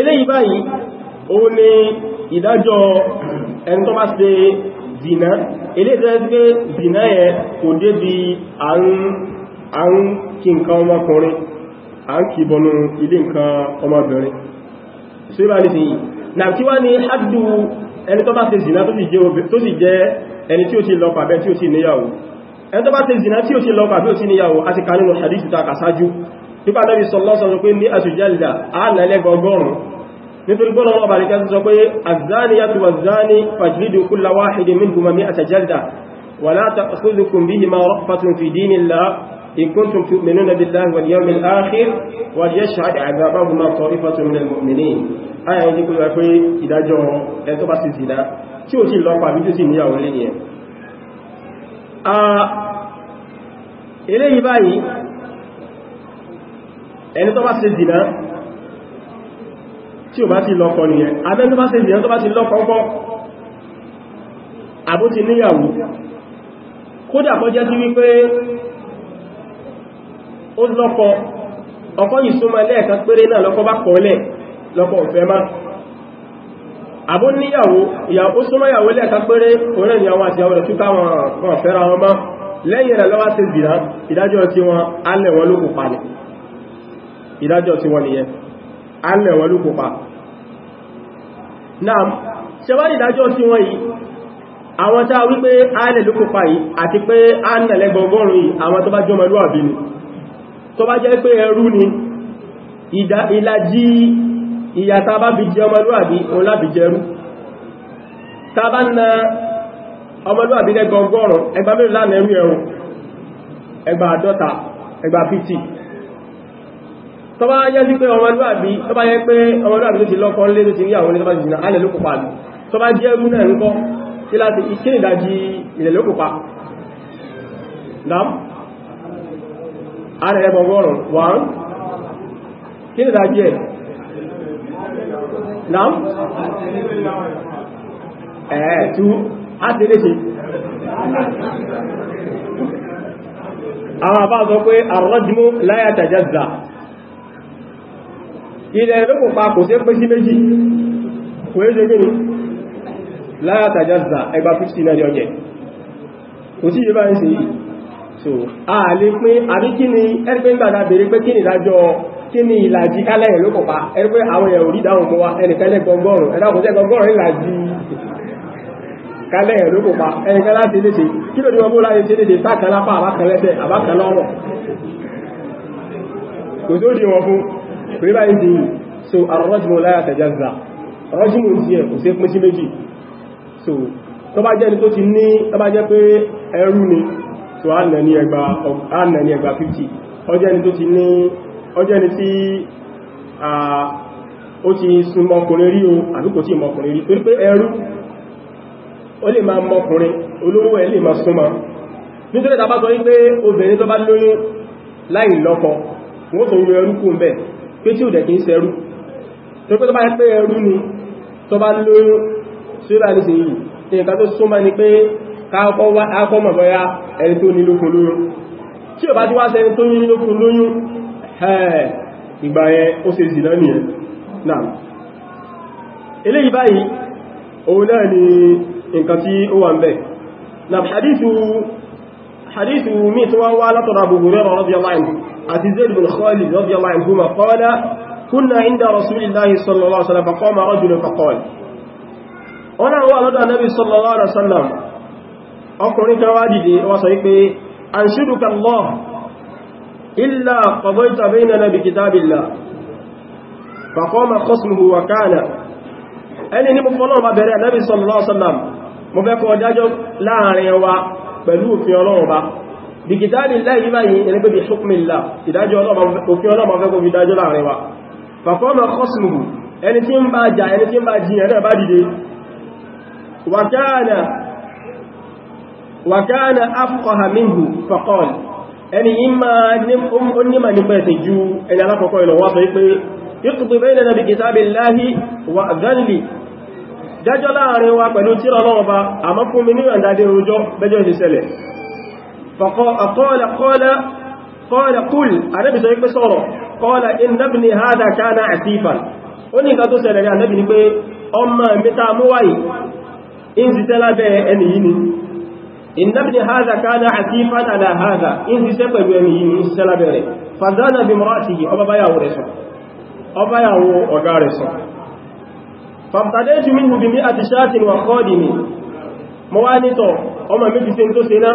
eléyìí báyìí ó ní ìdájọ́ ẹni tó bá ṣe zìnà eléyìí tó ṣe zìnà yẹ kò dé bí àrùn kí nǹkan ọmọkùnrin à ń kìbọnú ilé nǹkan ọmọbìnrin sí bá ní sí yìí na tí wá ní àdúdú ẹni tó bá ṣe zìnà tó sì jẹ́ ẹni tí ó ti lọ pàbẹ́ tí ó sì níyàwó ẹni tó tí ó sì lọ pàbẹ́ tí ó sì níyàwó nípa lẹ́bí sọlọ́sọ pé ní àṣùjálìdà àánàlẹ́gbọ̀gọ́rùn nítorí gbọ́nà wọn bá ríkẹ́ sọ pé àzáni yàtù wà záni fàjílìdì kúlà wáhìdì min gùnmàmí àṣàjálìdà wà láta ọkùnzùkùn bí i máa rọ́pàtún fi dínì lá ìkúntùn fi mẹ́nu eléyìí báyìí ẹni tó bá ṣe zìnà tí ò bá ti lọ́kọ nìyẹn abẹ́ tó bá ṣe zìnà tó bá ti lọ́kọ ńkọ́ àbó ti níyàwó kódà kọ́ jẹ́ sí wípé ó lọ́kọ ọkọ yìí súnmọ́ lẹ́ẹ̀kan péré náà lọ́kọ bá kọ́ọ́lẹ̀ lọ́kọ ọ̀fẹ́ máa àbó níyàwó ìyàwó súnmọ́ ìyàwó lẹ́ẹ̀kan péré òun náà ni àwọn àti àwọn ẹ̀túká wọn fẹ́ra wọn mọ́ lẹ́yìn rẹ̀ lọ́wọ́ sí ìdájọ́ tí wọn alẹ̀ wọn ló kò palẹ̀ ìdájọ́ tí wọ́n nìyẹn a ń ló m náà ṣẹwà ìdájọ́ tí wọ́n yìí àwọn tá wípé a lẹ̀ ló kópa yìí àti pé a ń nẹ̀lẹ́ gbọgọ́rùn yìí àwọn tó bá jọ ni tó bá jẹ́ pé ni ìyà ta bá fi jẹ òun jẹrú bá na ọmọlúwàbí lẹ́gbọgọ́rùn ẹgbà lánàá ẹrú ẹgbà àdọ́ta ẹgbà tó bá yẹ́ sí pé ọmọlúwàbí tó bá yẹ́ pé ọmọlúwàbí tó ti lọ́kọ́ lé tó ti rí àwọn onígbà jìnà alẹ́ ló kópa lù tó bá jẹ́ múnà ẹ̀rúkọ́ kí láti iṣẹ́ ìdájí ilẹ̀ ló kópa dám ààrẹ ẹgbọ̀gọ́rùn wọ́n kí ní àwọn àbá sọ pé àrọ́jìmú láyàtàjá ilẹ̀ lókùn pa kò sí pín sí méjì kò é ṣe gínú látàjázà ẹgbà 50 náà ọjẹ́ kò sí yíba ń yìí so a lè pín àbí kí ni ẹgbẹ́gbàdà bèèrè pé kí ni ìdájọ́ kí ni ìlàjì kálẹ̀yìn ló kọ̀pá ẹgbẹ́ àwọn èèyàn orí dáhùn mọ́ wa ẹnìkẹ́lẹ̀ gọgọ́rùn ẹ̀dàkùnjẹ́ gọgọ́rùn ìlàjì kálẹ̀yìn ló kọ̀pá ẹnìkẹ́ láti léṣe kí ló ní ọmọ láyé ṣe léṣe tákàlápá àbákanlẹ́sẹ̀ àbákanlọ́rọ̀ kò tó dí wọn fún pé báyìí sí so àrọ́jùmọ̀ láyàtẹ̀jáza rọ́jùmọ̀ sí ẹ̀ kò sí pín sí méjì so tó bá jẹ́ tó ti ní tó jẹ́ pé ẹrù ni so á ní ẹgbà 50 ọjẹ́ ni tó ti ní tí ó ti sun rí o àbí tí mọkùnrin rí pé ẹrù ó lè máa mọkùnrin olówó lè máa súnmọ́ nítorí wípé obìnrin tó bá lóyún láì wọ́n tó ń pé tí ò dẹ̀ kí ń sẹ́rú tó pé tó bá yẹ pé ẹrú ni tó bá lóyún sí bá nìsìn yìí ní nǹkan tó súnmọ́ ni pé káàkọ́ mọ̀ bọ́yá ẹni tó nílòkun lóyún tí ò bá ti wá sẹ́ni tó nílòkun lóyún ìgbà yẹn ó na hadithu hadithu mi tó wá wá látọ̀rọ̀ àti zaid bin khalid radiyallahu anhuma qala kunna inda rasulillahi sallallahu alaihi wasallam faqama rajulun faqala ona wa lọ́dọ̀ anabi sallallahu alaihi wasallam ọkùnrin kan wá dìde wá sọ wípé anshuduka allah illa qadayta baynana bi kitabillah faqama khasmuhu wa kana ẹni ní mo fọ́lọ́ ọba bẹ̀rẹ̀ anabi sallallahu alaihi wasallam mo fẹ́ kọ́ dájọ́ láàrin wa pẹ̀lú òfin ọlọ́run ba bí kìtàbí láì báyìí ẹni pé bí ṣùkmìlá ìdájọ́ òfin ọlọ́mọ fẹ́ kó fi dájọ́ láàrin wa fàkọ́mọ̀ kọ́sìmù ẹni tí ń bá jà ẹni tí ń bá jiyàn náà bá dìde wàkánà afqaha minhu faqal ẹni ìmá onímà nípa ẹ̀sẹ̀ ju ẹni alákọ̀ọ́kọ́ ìlọ̀ wá sọ pé iqdi baynana bi kitabillahi wa dhalli dájọ́ láàrin wa pẹ̀lú tírà Ọlọ́run ba àmọ́ fún mi ní ìràndáde rojọ́ bẹ́jọ́ ìṣẹ̀lẹ̀ فقال قال قال قل النبي صلى الله عليه وسلم قال ان ابني هذا كان عفيفا oni nǹkan tó ṣẹlẹ̀ Ànábì ní pé ọmọ mi tá mú wá yìí in si tela be ẹni yìí ni inna ibni hadha kana atifan ala hadha in si ṣe pẹ̀lú ẹni yìí in si tela be re fadana bi maratihi oba baya wo reso oba ya wo ọ̀gá reso famtadeju minhu bi mi'ati shatin wa qadimi mo wá ní tó ọmọ mi ti ṣe n tó ṣe náà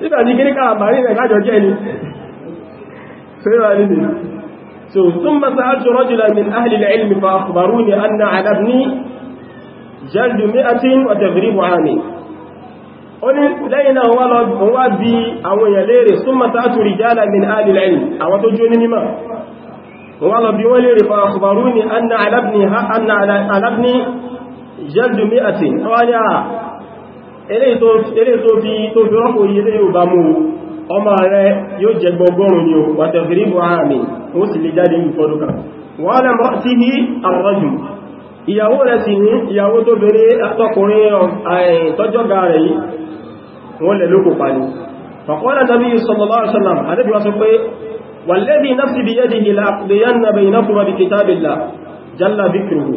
títà ní kíríkà àbárí rẹ̀ lájọ jẹ́ ni fẹ́rà nínú so tún masa ájú rọ́jùlá min ahìlì ilmi fa àkùbàrú ni an na alab ní jẹ́lù mẹ́atín ọ̀tẹ̀fìrí buhari ó ní lẹ́yìn náà wọ́n wá bí àwọn èèyàn léèrè tún masa ájú rìjálà min ahìlì ilmi àwọn tó jó ní mímọ̀ wọ́n lọ bí wọ́n léèrè fa àkùbàrú ni an na alab ní jẹ́lù ah, mẹ́atín eléyìí tó fi tó fi rọ́pò yí eléyìí ò bá mú ọmọ rẹ̀ yóò jẹ gbọgọ́rùn ni ò pàtàkì bọ̀ àmì ó sì lè jáde ní ìfọdúkà wọ́n lè mọ́ sí ní ìyàwó tó bèèrè tọkùnrin tọ́jọ́gà rẹ̀ yìí wọ́n lè lókò pàdé فقال النبي صلى الله عليه وسلم النبي واسوي والذي نفسي بيده لا اقضين بينكما بكتاب الله جل ذكره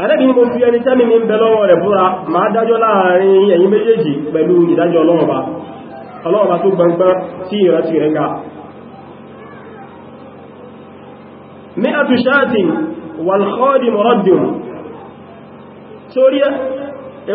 àrẹ́bí ni mo fi ẹni tẹ́mi ní bẹ lọ́wọ́ rẹ̀ búra máa dájọ́ láàrin ẹ̀yin méjèèjì pẹ̀lú ìdájọ́ ọlọ́ọ̀bá ọlọ́ọ̀bá tó gbangban tí ìrántí rẹ̀ ga ní àtúnṣáàtì wàlhọ́dì mọ̀rọ̀dìun je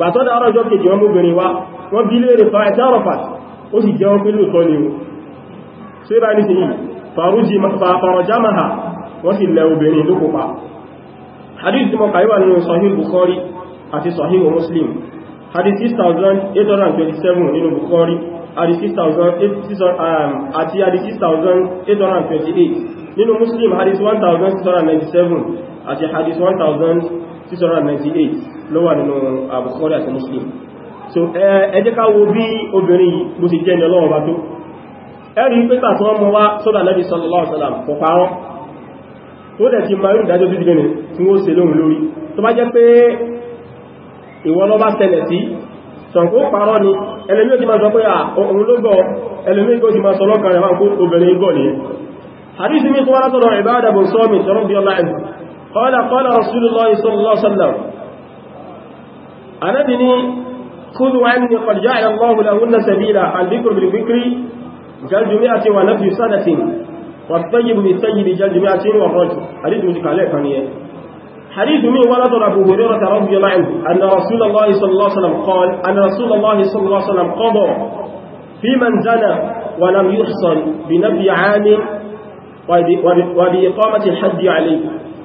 bàtọ́dá ọjọ́ kejì wọn mọ́bìnrin wá wọ́n bí léèrè fa ẹ̀tẹ́rọ̀fà ó sì jẹ́ wọn pé lóòtọ́ ni wọn ṣe bá ní sí yìí farajamaha wọ́n sì lẹ obìnrin ló kópa hadith tí mọ́ kàíwà nínú sahih bukhari àti sahih muslim hadith 6827 nínú bukhari um, àti 6828 nínú muslim hadith 1697 àti hadith 1000 698 ló wà nínú àbùkọ́dà àti muslim so ẹ jẹ́ ká wo bí obìnrin yìí bó ti jẹ́ ní ọlọ́run bá tó ẹ̀rí pẹ́ta tí wọ́n mọ́ wá sọ́dọ̀ Ànábì sallallahu alaihi wasallam pọ̀pá wọn tó dẹ̀ ti marú ìdájọ́ tó dìgbẹ̀ni tí wọ́n ṣe lóhun lórí tó bá jẹ́ pé ìwọ́n lọ bá tẹ̀lẹ̀ sí sọ̀kó parọ́ ni ẹlẹ́mí ó ti máa sọ pé àwọn ológbọ́ ẹlẹ́mí ó ti máa sọ lọ́kàn rẹ̀ wọ́n kó obìnrin قال قال رسول الله صلى الله عليه وسلم أنا بني خذوا عني قد جعل الله لهن سبيلا الذكر بالذكر كالجمعة ونفي سنة والطيب بالطيب كالجمعة والرجل حديث مجيك عليه فانيه حديث من ولد أبو هريرة رضي الله عنه أن رسول الله صلى الله عليه وسلم قال أن رسول الله صلى الله عليه وسلم قضى في من زنى ولم يحصل بنفي عام وبإقامة الحد عليه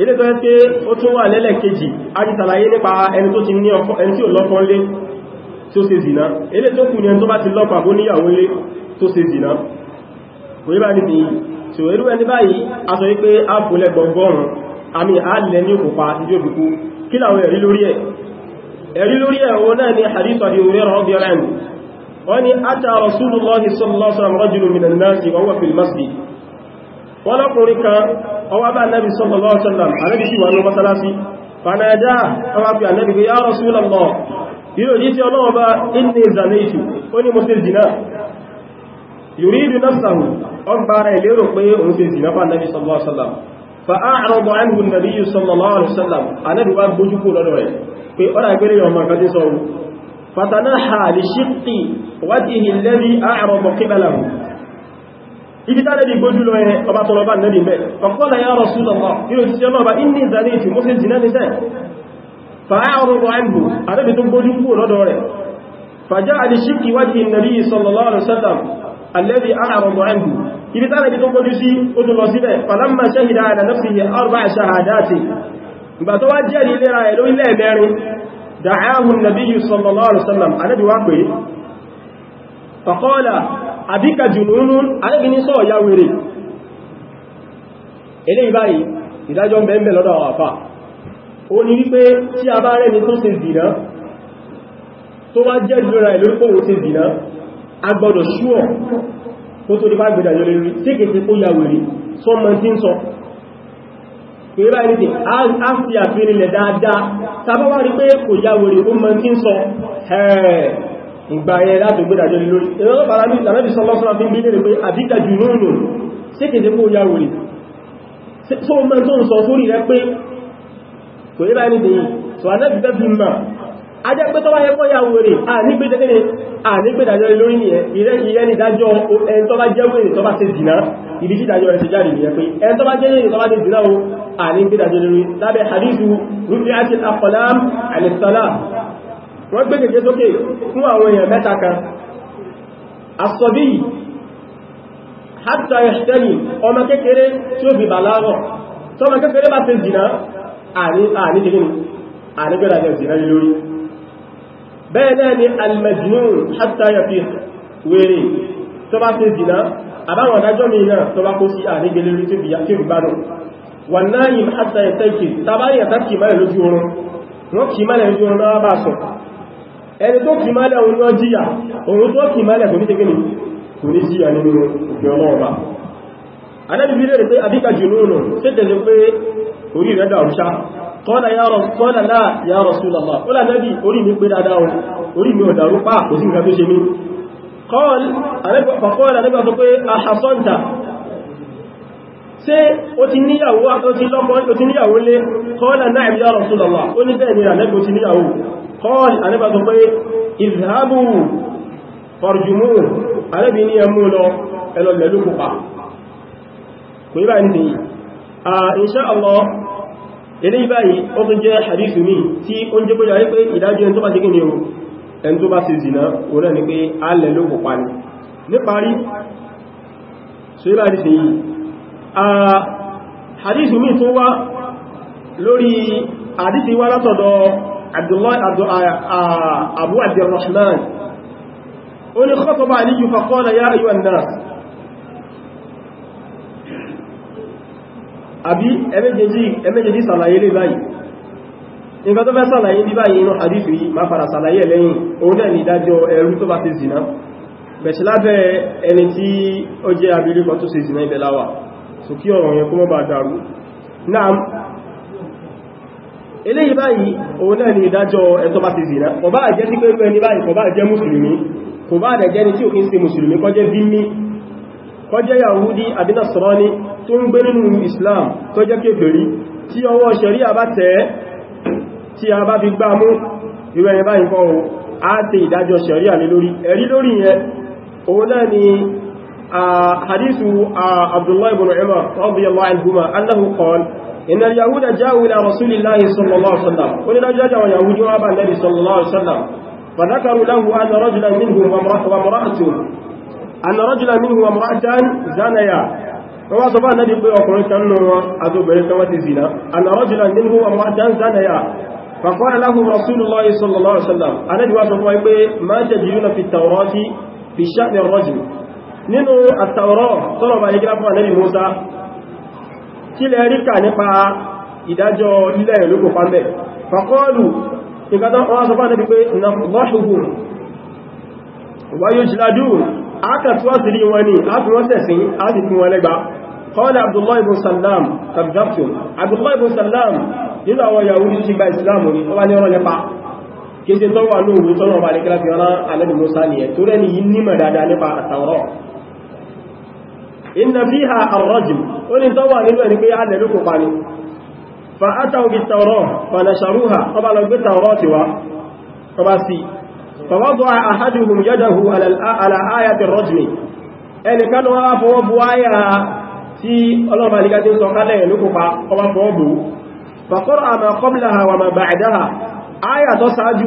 ilé tó ẹ́ pé ó tún wà lẹ́lẹ̀ kejì àti tàlàyé nípa ẹni tó ti ní ọkọ ẹni tí ò lọ́kọ lé tó ṣe zìnà ilé tó kù ní ẹni tó bá ti lọ́kọ àbó níyàwó lé tó ṣe zìnà kò yíba ní ti ṣò irú ẹni báyìí a sọ wípé a fòlẹ̀ gbọ̀ngọ́rùn àmì àálẹ̀ ní òkùpa ìjọ òbíkú kí làwọn ni hadith àti òun rẹ̀rọ̀ ọgbẹ̀rẹ̀ ata rasulullahi sallallahu alaihi wasallam rajulun wa huwa wọ́n lọ́kùnrin kan ọwá bá nẹ́bí sallallahu alaihi wasallam àrẹ́bí sí wà ní mọ́sálásí fànàjá ọwá fi ànẹ́bí pé ya Rasulullah yíò yí tí ọlọ́wọ́ bá inni zanaitu ó ní mọ́sílì jìnà yuridu nafsahu ọ gbára ìlérò pé òun sí jìnà fà nẹ́bí sallallahu alaihi wasallam fa a'rada anhu an-nabiyyu sallallahu alaihi wasallam ànẹ́bí wá gbójú kó lọ́dọ̀ rẹ̀ pé ọ́dà ìgbélé ọmọ kan tí sọ fatanaha li shiqqi wajhihi alladhi a'rada qiblahu ibi tá nẹ́bí gbójú lọ ẹ ọba tọrọba nẹ́bí mẹ́ ọkọ́lá ya Rasulullah inú ti ṣẹlọ́ ọba inni zaniti mo ṣe jìnà nìṣẹ́ fa'a'rudu anhu arẹ́bì tó gbójú kúrò lọ́dọ̀ rẹ̀ faja'a li shiqqi wajhi an-nabi sallallahu alaihi wasallam alladhi a'radu anhu ibi tá nẹ́bí tó gbójú sí ó tún lọ síbẹ̀ falamma shahida ala nafsihi arba'a shahadati ìgbà tó wá jẹ́ àbíkà jùnúnú alẹ́bí ní sọ ọ̀yá wèrè ilé ìbáyìí ìdájọ́ ń bẹ̀ẹ́ lọ́dọ̀ àwọn àfà ó ní wípé tí a bá rẹ́ni tó ṣe zìnà tó bá jẹ́ ìlúra ìlúrúkòwò ṣe zìnà a gbọ́dọ̀ ṣúọ̀ kó tó dípá gbẹ̀dàjọ́ lórí tí kèsè kó ya wèrè sọmọ tí ń sọ pé bá ní tí a fi àfihàn ilẹ̀ dáadáa tàbá wá ìgbà yẹn láti gbé dàjọ́ lórí ìrọ́lọ́ bàrá ní ìtànàbí sọlọ́sọ́lá fi ń bílẹ̀ pé àdíkà jù lóòrò sí kèsè kó ya wòrì só mẹ́ tó ń sọ sórí rẹ pé kò yẹ́ báyìí nìyí tó ànábì fẹ́ fi mà á jẹ́ pé tọ́wá yẹ kọ́ ya wòrì ànígbé dàjọ́ lórí nìyẹn ìrẹ́ ni dájọ́ ẹni tó bá jẹ́ wèrè tó bá ṣe zìnà ibi sí dájọ́ ẹ̀ṣẹ̀ jáde nìyẹn pé ẹni tó bá jẹ́ wèrè tó bá ṣe zìnà o ànígbé dàjọ́ lórí lábẹ́ hadithu rufi'atil wọ́n gbé gègé sókè fún àwọn èèyàn mẹ́ta kan asọ̀bí hatta yashtani ọmọ kékeré tí ó fi bàlágọ̀ tó ọmọ kékeré bá ti zìnà àní jẹ́gìn àní gbẹ́dàjẹ́ zìnà lórí bẹ́ẹ̀ náà ni al-majnun hatta yafiq wèrè tó bá ti zìnà àbáwọn adájọ́ mi náà tó bá kó sí àní gẹ́lẹ́ lórí tí ó yìí hatta yashtaki tàbáyà tàbí mẹ́rin lójú oorun wọ́n kì í lójú oorun náà bá sọ ẹni tó kì mọ́lẹ̀ òun lọ jíyà òun tó kì mọ́lẹ̀ kò ní tẹ́gẹ́ ni kò ní jíyà nínú òfin ọlọ́ọ̀bá adẹ́bìbí lè rí pé àbíkà jùlọ́nà tí tẹ̀lé pé orí rẹ̀ dàrúṣá kọ́lá láà ṣé ó ti níyàwó àtọ́tí lọ́pọ̀ ó ti níyàwó lé kọ́ọ̀lá náà ìbí ọ̀rọ̀ tó lọ́wọ́ ó ní bẹ́ẹ̀ ni àlẹ́kò ti níyàwó kọ́ọ̀lá àlẹ́bà tó pé ìzhábù fọ̀rùjùmú àlẹ́bì ní ẹmú lọ ẹlọ́lẹ̀lú pupa insha Allah eléyìí báyìí ó tún jẹ́ hadith mi tí ó ń jẹ́ bóyá wípé ìdájọ́ ẹni tó bá ti gíní o ẹni tó bá yìí hadith mi tó wá lórí hadith wá látọ̀dọ̀ abu abdurrahman ó ní khataba aliyu na ya ayyuhan nas àbí ẹmẹ́jẹjì sàlàyé lè báyìí nǹkan tó fẹ́ sàlàyé bí báyìí inú hadith yìí ma fara sàlàyé lẹ́yìn òun náà ni ìdájọ́ ẹrú tó bá ti zìnà bẹ̀ṣẹ̀ lábẹ́ ẹni tí ó jẹ́ abirí tó sì zìnà so kí ọ̀rọ̀ yẹn kó mọ́ bá dàrú náà eléyìí báyìí òun náà ni ìdájọ́ ẹ̀tọ́ bá ti zìnà kò bá jẹ́ sí pé irú ẹni báyìí kò bá jẹ́ mùsùlùmí kò bá dẹ̀ jẹ́ ni tí òkín sí mùsùlùmí kò jẹ́ bímí kò jẹ́ yahudi àbí nasrani tó ń gbé nínú islam tó jẹ́ kèfèrí tí ọwọ́ ṣẹ̀ríà bá tẹ̀ tí a bá fi gbá mú irú ẹni báyìí kọ́ á ṣe ìdájọ́ ṣẹ̀ríà lé ni حديث عبد الله بن عمر رضي الله عنهما أنه قال إن اليهود جاءوا إلى رسول الله صلى الله عليه وسلم قلنا جاءوا اليهود وابا النبي صلى الله عليه وسلم فذكروا له أن رجلا منهم وامرأة أن رجلا منهم وامرأة زانيا wọ́n sọ bá nẹ́bí pé ọkùnrin kan nù wọn àtòbìnrin kan wọ́n ti zìnà àna rọ́jùlá nínú ọmọ àdáńzánayà fàkọ́rẹ̀ láhùn rasulullahi sallallahu alaihi wasallam anẹ́bí wá sọ fún wáyé pé máa jẹ́ jìyún fi tàwọn rọ́jí fi ṣáàmì rọ́jù nínú àtàwọ̀rọ̀ tọ́rọ bá yíkílá fún ànẹ́bì Musa kí lẹ ríkà nípa ìdájọ́ lílẹ̀ ìlúkò pàmbẹ̀ fàkọ́ọ̀lù ìgbàtán ọwá sọ fánàbí pé nàbọ̀ṣùgbù wáyé jìlájú ákàtúwàsìrí wọn ni a fi wọ́n sẹ̀sìn a sì fi wọn lẹ́gbà kọ́lá Abdullahi ibn Salam tàbíjáptò Abdullahi ibn Salam nínú àwọn Yahudi ti gba Islam ní ọba ní ọ̀rọ̀ nípa kí ṣe tọ́wà ní òwú tọ́nà ọba ní kílá fi ọ̀rán alẹ́bì Musa nìyẹn tó rẹ́ ni yí nímọ̀ dáadáa nípa àtàwọ̀rọ̀ inna fiha ar-rajm ó ní tọ́wà nínú ẹni pé a nẹ̀lú kò pa ni fa ataw bi tawrah fa nasharuha ọba lọ gbé tawrah ti wa ọba sí fa wada'a ahaduhum yadahu ala ayati ar-rajm ẹni kan wọ́n wá fọwọ́ bu áyà tí ọlọ́pàá nígbà tí ó sọ kálẹ̀ fọwọ́ bu áyà tó sáájú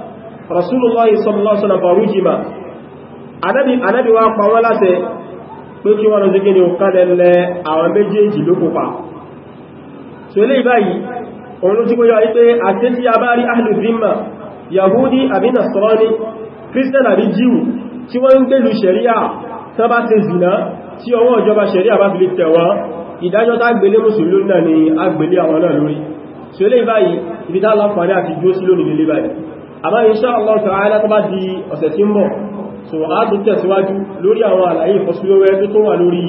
rasulullahi sallallahu alaihi wasallam farujima anabi anabi wa pa wọ́n láṣẹ pé kí wọ́n lọ zikini kalẹ̀lẹ̀ àwọn méjèèjì ló kópa so ilé ìbáyìí òun ló ti kó yọ wípé àti tí a bá rí ahlu zimma yahudi àbí nasrani christian àbí jíù tí wọ́n ń gbèlú ṣẹ̀ríà tán bá ṣe zìnà tí ọwọ́ ìjọba ṣẹ̀ríà bá fi lè tẹ̀wọ́n ìdájọ́ tá gbélé mùsùlùmí náà ni a gbélé àwọn náà lórí so ilé ìbáyìí ibi tá láǹfààní àti jó sí lónìí lè báyìí àmá insha Allah ta'ala tó bá di ọ̀sẹ̀ tí ń bọ̀ so a tó tẹ̀síwájú lórí àwọn àlàyé ìfọ́síwẹ́wẹ́ tó tó wà lórí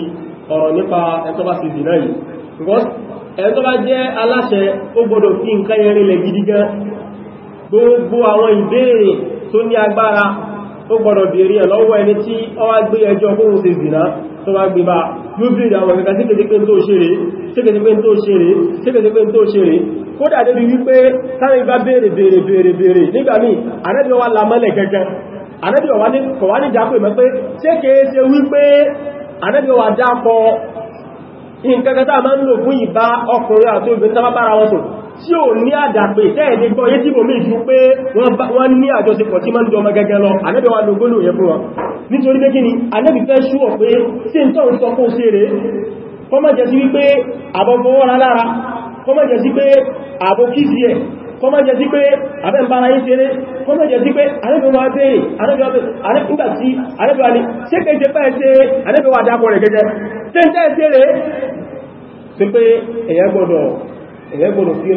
ọ̀rọ̀ nípa ẹ̀tọ́ bá ti dìnà yìí ẹ̀tọ́ bá jẹ́ aláṣẹ ó gbọdọ̀ fi nǹkan yẹn rí lẹ̀ gidi gan gbogbo àwọn ìbéèrè tó ní agbára ó gbọdọ̀ béèrè ẹ̀ lọ́wọ́ ẹni tí ó ṣe zìnà kódà débi wípé sáré bá béèrè béèrè béèrè béèrè nígbà míì ànábì wa lamọ́lẹ̀ gẹ́gẹ́ ànábì wa ní kọ̀wá ní ìjápò ìmọ̀ pé ṣé kèé ṣe wípé ànábì wa dápọ̀ ìǹkankata máa ń lò fún ìbá ọkùnrin àti obìnrin tàbá bára wọn sùn tí ò ní àdàpè tẹ́ẹ̀dẹ́ gbọ́ yé tí bò mí ìṣú pé wọ́n ní àjọṣepọ̀ tí máa ń dọmọ gẹ́gẹ́ lọ ànábì wa lò gbólò yẹ fún wọn nítorí pé kíni ànábì fẹ́ ṣúọ̀ pé tí ń tọ́ ń sọ fún ṣe rèé kọ́mọ̀ jẹ́ sí wípé àbọ̀bọ̀ wọ́n lára kó má jẹ́ sí pé àbò kíìsì ẹ̀ kó má jẹ́ sí pé abẹ́mbára yí ṣeré kó má jẹ́ sí pé anẹ́bẹ̀wà bèèrè anẹ́bẹ̀wà sí anẹ́bẹ̀wà ní ṣé kéje pẹ́ ṣe anẹ́bẹ̀wà dákọ̀ rẹ̀ gẹ́gẹ́ tẹ́ntẹ́ ṣe rẹ̀ sí pé ẹ̀yẹ́ gbọ́dọ̀ ẹ̀yẹ́ gbọ́dọ̀ fi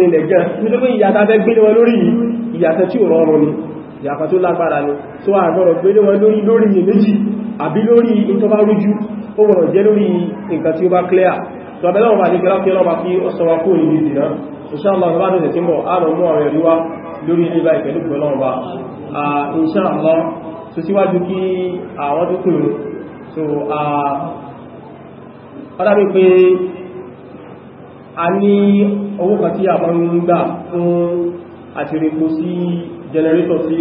ni ìyàtà tó lágbára ni tó àgbọ́dọ̀ gbé wọn lórí lórí méjì àbí lórí ìtọ́bá rújú tó abẹ́lẹ́ wọn bá ní kẹ́lá kẹ́lá bá kí ó sọ wá kó ìlú ìdìnà insha Allah bá ní ìdẹ̀tí mọ̀ àrùn mú àwọn ẹ̀rí wá lórí ilé bá ìpẹ̀lú pẹ̀lọ́wọ́n bá insha Allah tó síwájú kí àwọn tó kùnrin so ọ̀dá mi a ní owó kan a máa ń gbà fún àti repo sí generator tí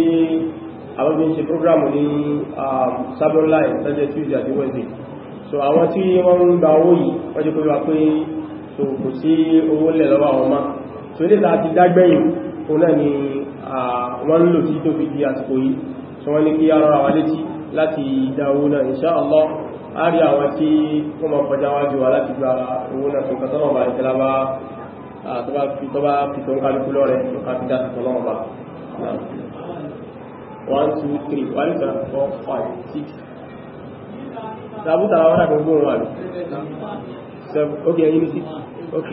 àwọn bí ń ṣe program ní sabon line lọ́jọ́ Tuesday àti Wednesday so àwọn tí wọ́n ń gba owó yìí wọ́n jẹ́ kóyọ́ pé so kò sí owó lẹ̀ lọ́wọ́ àwọn ọmọ so ilé ta ti dágbẹ̀yìn òun náà ni wọ́n ń lò tí tó fi di àsìkò yìí so wọ́n ni kí ara wa létí láti dá owó náà insha Allah a rí àwọn tí wọ́n mọ̀ kọjá wájú wa láti gba owó náà fún kàtọ́nà ọba ìtẹ́lá bá tọ́bá fi tọ́bá fi tó ń kálukú lọ́rẹ̀ tó ká fi dá tọ́lọ́ ọba 1 2 3 1 2 4 5 6 tàbí tàbí àwọn àkókò wọn àrí ok ẹ̀yìn sí ok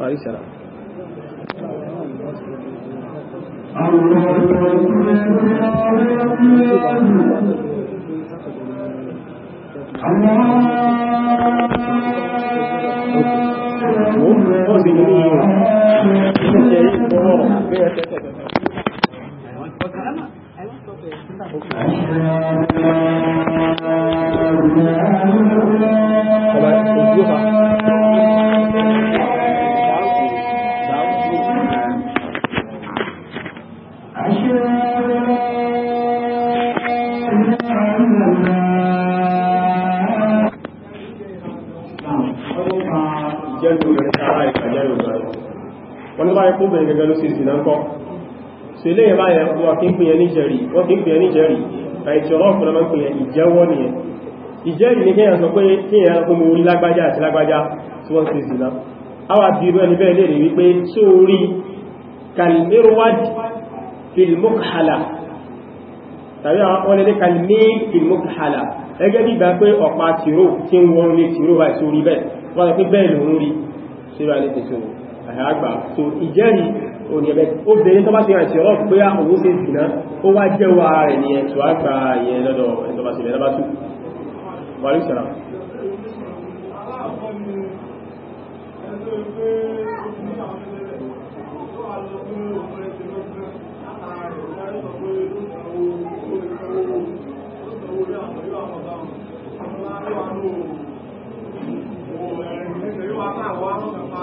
Aleyhisselam. (laughs) Allah Thank you. zìnà ń kọ́ so ilé ìbá yẹn wọ́n kí ń pè yẹn ní jẹ́rì wọ́n kí ń pè yẹn ní jẹ́rì àìtì ọlọ́pù lọ́mọ́ pè yẹn ìjẹ́wọ́ nìyẹn ìjẹ́rì ní kíyàn sọ pé kíyàn sọ pé mo rí lágbájá àti lágbájá tí wọ́n ti zìnà àwa bí irú ẹni bẹ́ẹ̀ lè rí wípé tí ó rí kalmirwad filmukhala tàbí àwọn ọlẹ́dẹ́ kalmir filmukhala ẹgẹ́ bí gbà pé ọ̀pá tìró tí ń wọ́n ní tìró bá ìṣòrí bẹ́ẹ̀ wọ́n sọ pé bẹ́ẹ̀ lòún rí síra ní tẹ̀sán àgbà so ìjẹ́rìí oníẹ̀bẹ̀ obìnrin tó bá ti rántí ọlọ́pù pé owó sí ìsìná ó wá jẹ́ wa rẹ̀ ní ẹ̀tọ́ àgbà yẹn lọ́dọ̀ ẹ̀tọ́bàṣẹ̀lẹ̀ lábátú wàrí sọ́ra Àwọn ará wa ń lò ó ẹ̀rìn ẹgbẹ̀rún àtàwọn àwọn ọ̀sán pa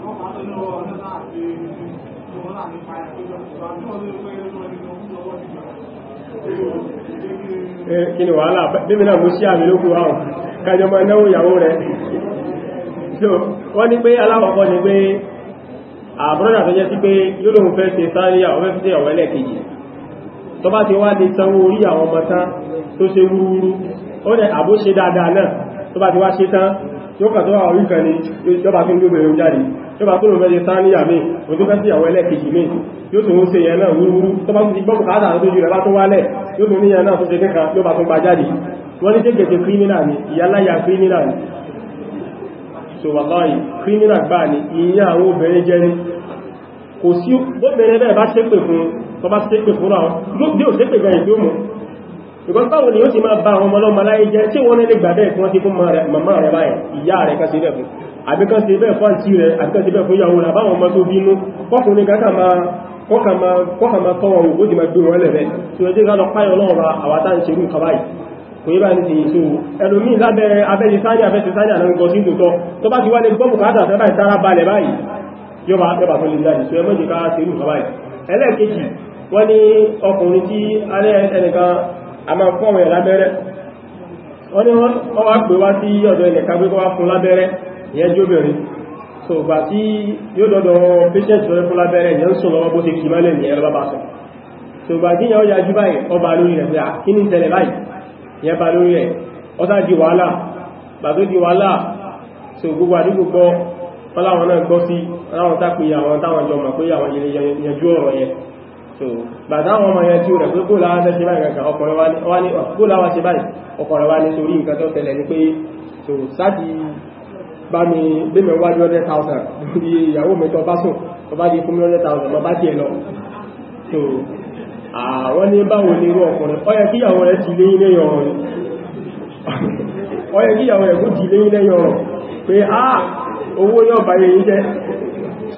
kí ni wàhálà bíbí náà mú sí àmì lókù àwọn kàjọ ma náwó ìyàwó rẹ̀ wọ́n ní pé aláwọ̀kọ́ ni pé àbúrọ́dà tó jẹ́ sí pé yóò lóun fẹ́ ṣe sáríà ọ̀fẹ́ fi ṣe ọ̀wẹ́ lẹ́kejì tó bá ti wá lè sanwó orí àwọn ọmọ tán tó ṣe wúrúwúrú ó dẹ̀ àbó ṣe dáadáa náà tó bá ti wá ṣe tán yóò kà tó wà orí kan ní yọba fi ń gbé òun jáde yọba tó lòun mẹ́jẹ sáníyà mi o tó fẹ́ sí àwọn ẹlẹ́kejì mi yóò tó ń ṣe yẹn náà wúrúwúrú tó bá ti gbọ́kù káàtà tó jù rẹ̀ bá tó wálẹ̀ yóò tó ní yẹn náà tó ṣe kíkan yọba tó gba jáde wọ́n ṣùgbọ́n báwo ni yóò ti máa bá àwọn ọmọlọ́mọ láyé jẹ́ tí wọ́n lè gbà bẹ́ẹ̀ kí wọ́n ti fún màmá rẹ̀ báyìí ìyá rẹ̀ kan sí bẹ́ẹ̀ fún àbí kan sí bẹ́ẹ̀ fún àǹtí rẹ̀ àbí kan sí bẹ́ẹ̀ fún ìyàwó rẹ̀ àbáwọn ọmọ tó bínú kọkùnrin kan kà máa kọ́kàmá tọ́ wọn ògbó ti máa gbé wọn lẹ̀rẹ̀ tí ó jẹ́ ká lọ páyọ̀ lọ́wọ́ bá àwátá ń ṣe rú kàbáyì kò yíba ní tìyí tó ẹlòmí lábẹ́ abẹ́sẹ̀sáyà abẹ́sẹ̀sáyà náà gọ́ sí tòótọ́ tó bá ti wá lè gbọ́mù káàtà tẹ́bà ìtara balẹ̀ báyìí yọba yọba tó lè jáde tó ẹmọ́jì ká ṣe rú kàbáyì ẹlẹ́ẹ̀kejì wọ́n ní ọkùnrin tí alẹ́ ẹnìkan a máa fún ọmọ ẹ̀ lábẹ́rẹ́ wọ́n ní wọ́n wá pè wá sí ọ̀dọ̀ ilẹ̀ kágbé kọ́ wá fún lábẹ́rẹ́ ìyẹn jóbìnrin so gbà tí yóò dọ́dọ̀ patient lọ́rẹ́ fún lábẹ́rẹ́ ìyẹn ń sùn lọ́wọ́ bó ti so gbà tí ìyẹn ó yajú báyìí ọba lórí rẹ̀ pé à kí ní ìṣẹ̀lẹ̀ báyìí ìyẹn ba lórí so gbogbo àdúgbò gbọ́ ọláwọn náà gbọ́ sí ọláwọn tápìyà àwọn táwọn jọ mọ̀ pé àwọn ilé yanjú ọ̀rọ̀ yẹn so bàtà àwọn ọmọ yẹn tí ó rẹ̀ pé kóòlá wá ṣe báyìí kankan ọkùnrin wá ní kóòlá wá ṣe báyìí ọkùnrin wá ní torí nǹkan tó tẹ̀lẹ̀ ní pé so sáàdì bá mi bẹ́mẹ̀ wájú 100,000 lórí ìyàwó mi tó bá sùn tó bá di fún mi 100,000 lọ bá tiẹ̀ lọ so àwọn ní báwo ni irú ọkùnrin ó yẹ kí ìyàwó rẹ̀ ti léyìn lẹ́yìn ọ̀rọ̀ ó yẹ kí ìyàwó rẹ̀ kó ti léyìn lẹ́yìn ọ̀rọ̀ ah owó yóò bá yẹ yín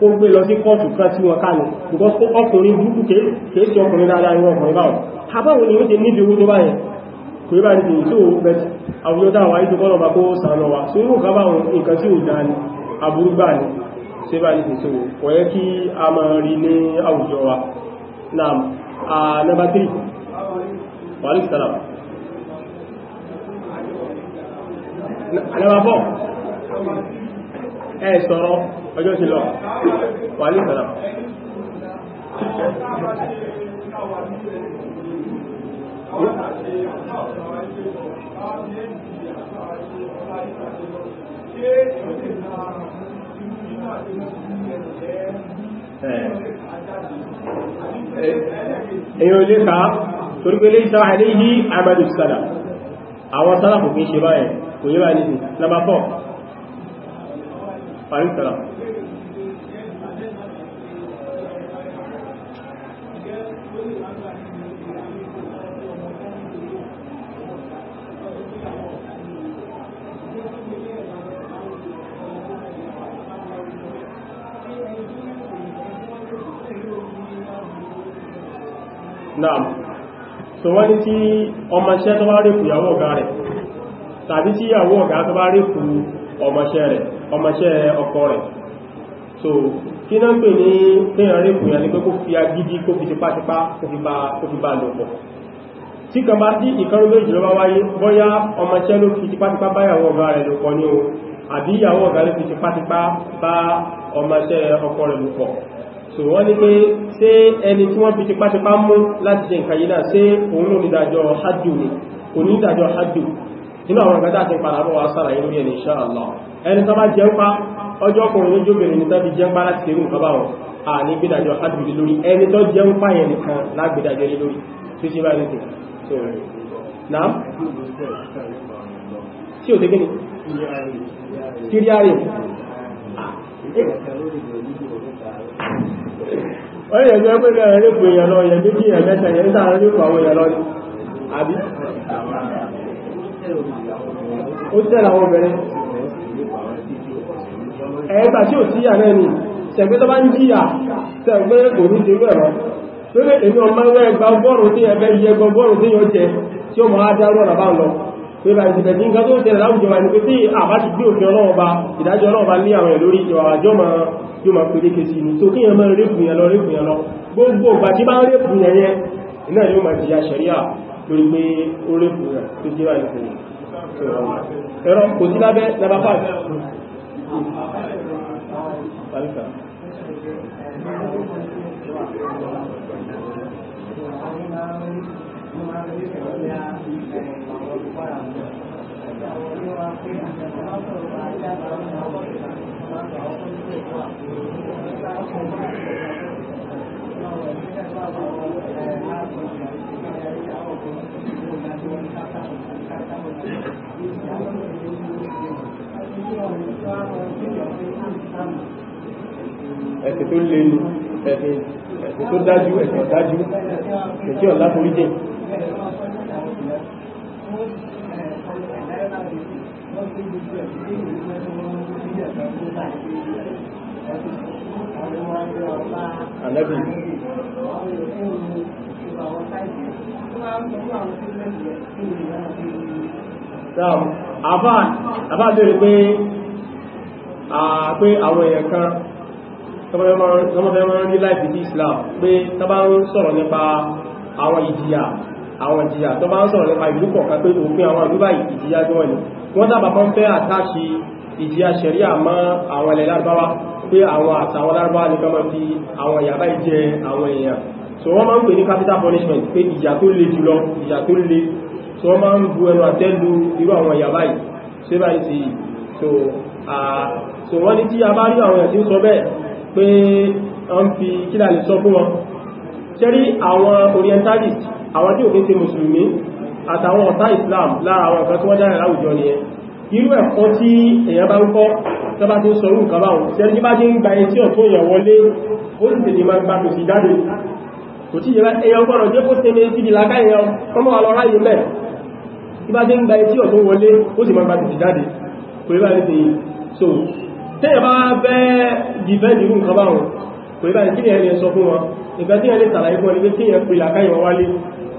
kó gbé lọ sí kóòtù kan tí wọ́n kánú because ọkùnrin burúkú kèé sí ọkùnrin dáadáa ní ọkùnrin báwọn àbáwọn ni ó ti níbi owó tó bá kò yí ní tèyí tó bẹ̀tì àwọn yóò kó sàánà tí ò dá ẹ sọ̀rọ̀ ọjọ́ ti lọ wà ní ìsànà èyí ò lè ká torí pé lè sáà lè yí àmàdù sàdà àwọn sàdà kò kí ṣe báyẹ̀ kò yíra ní sí 4 parí sàdà náà so wọ́n ní tí ọmọṣẹ́ tó bá rèkù ìyàwó ọ̀gá rẹ̀ tàbí tí ìyàwó ọ̀gá tó bá rèkù ọmọṣẹ́ rẹ̀ ọmọṣẹ́ ọkọ rẹ̀ so kí náà pè ní kéèyàn rèkù ìyàn ní pé kó fi agídí kó fi tipátipá kó fi bá lò pọ̀ tí kan bá tí ìkọrù méjì ló bá wáyé bóyá ọmọṣẹ́ ló fi tipátipá bá ìyàwó ọ̀gá rẹ̀ lò pọ̀ ní o àbí ìyàwó ọ̀gá ló fi tipátipá bá ọmọṣẹ́ ọkọ rẹ̀ lò so wọ́n ní pé ṣé ẹni tí wọ́n fi tipátipá mú láti ṣe nǹkan yìí náà ṣé òun ló nídàjọ́ hajjù ni kò ní ìdàjọ́ hajjù nínú àwọn nǹkan dáàtí padà bọ́ wa sára inú yẹn insha Allah ẹni tó bá jẹ́ ń pa ọjọ́ ọkùnrin lójóbìnrin ni tó fi jẹ́ ń pa láti ṣerú nǹkan báwọn à ní gbídàjọ́ hajjù lé lórí ẹni tó jẹ́ ń pa yẹn nìkan lágbèdàjọ́ lé lórí tí onye yẹ̀ jẹ́ pé náà rí pé èèyàn lọ yẹ méjì yẹn mẹ́ta yẹn ń sáré nípa àwọn èèyàn lọ ní àbí ó tẹ́lá àwọn obìnrin ẹ̀ẹ́gbà tí ò sí yà náà ni ṣẹ̀gbẹ́ ń jíyà ṣẹ̀gbẹ́ kò ní ṣe rẹ̀ rọ̀ èmi ọmọ ẹgbà ọgọ́rùn tí ẹgbẹ́ iye ọgọ́rùn tí yóò jẹ tí ó máa dárú ọ̀nà bá lọ pé bá ìsìnkẹ̀ tí nǹkan tó tẹ̀lẹ̀ láwùjọ wa ni pé tí àbá ti gbé òfin ọlọ́wọ́ ìdájọ́ ọlọ́wọ́ ní yóò máa pélékè sí ní tó kí yẹn máa rẹ́pù yẹn lọ rẹ́pù yẹn lọ gbogbo ìgbà tí bá ń rẹ́pù yẹn yẹn iná yóò máa jìyà ṣẹ̀ríà lórí pé ó rẹ́pù yẹn tó jẹ́ báyìí fún ẹ̀rọ kò sí lábẹ́ lábá pàdé Thank you ẹ̀sìn tó lè ní ẹ̀sìn tó dájú ẹ̀sìn dájú ẹ̀sìn ọ̀lá forí jẹ́ Àlẹ́bí. Sáàmù, àbá àbẹ́rẹ̀ pé pé àwọn èèyàn kan tọmọdé máa ń rí láìpì ní Islam pé tọba ń sọ̀rọ̀ nípa àwọn ìjìyà àwọn ìjìyà tọba ń sọ̀rọ̀ nípa ìlú kọ̀ọ̀kan pé òfin àwọn ìlú báyìí ìjìyà tí wọ́n ni wọ́n sábà máa ń fẹ́ àtàṣì ìjìyà ṣẹ̀ríà mọ́ àwọn ilẹ̀ lárúbáwá pé àwọn àtàwọn lárúbáwá ní kọmọ fi àwọn ìyàbá ìjẹ àwọn èèyàn so wọ́n máa ń pè ní capital punishment pé ìjà tó le jùlọ ìjà tó le so wọ́n máa ń bu ẹnu àtẹ́lu irú àwọn ìyàbá yìí ṣé so so wọ́n ní tí a bá rí àwọn èèyàn tí ó sọ bẹ́ẹ̀ pé orientalist àwọn tí òfin ti àtàwọn ọ̀tá Islam lára àwọn ọ̀kan tí wọ́n jáde láwùjọ ni ẹ irú ẹ̀kọ́ tí èyàn bá ń kọ́ tó bá ti ń sọrú nǹkan báwọn tẹ́lẹ̀ tí bá jẹ́ ń gba etí ọ̀tún èyàn wọlé ó sì tèlè máa gba tòsí jáde kò tí yẹ èyàn gbọ́dọ̀ jẹ́ kó tẹ́lẹ̀ tí di láká èyàn kọ́mọ wà lọ ráyè mẹ́ tí bá jẹ́ ń gba ni ẹni sọ fún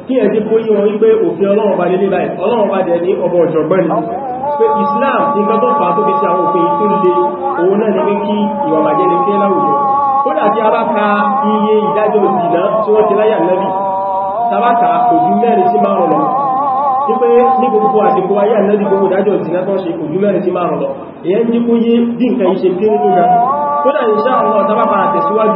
kí ẹ̀ tí kó yí wọn wípé òfin ọlọ́run bá lélé báyìí ọlọ́run bá jẹ ní ọmọ ọ̀jọ̀gbọ́n ni pé Islam nǹkan tó fà á tó fi ṣe àwọn òfin tó le òun náà ní pé kí ìwà bàjẹ́ lè fẹ́ láwùjọ kódà tí a bá ka iye ìdájọ́ ìdìnà tí wọ́n ti láyà lẹ́bì tabata ojú mẹ́rin sí márùn lọ ní pé ní gbogbo àsìkò ayé àlẹ́bì gbogbo ìdájọ́ ìdìnà tó ṣe ojú mẹ́rin sí márùn lọ èyẹ́ ń jí kó yé bí nǹkan iṣẹ́ kí ń lóga kódà ìṣẹ́ àwọn ọ̀tábàbà àtẹ̀síwájú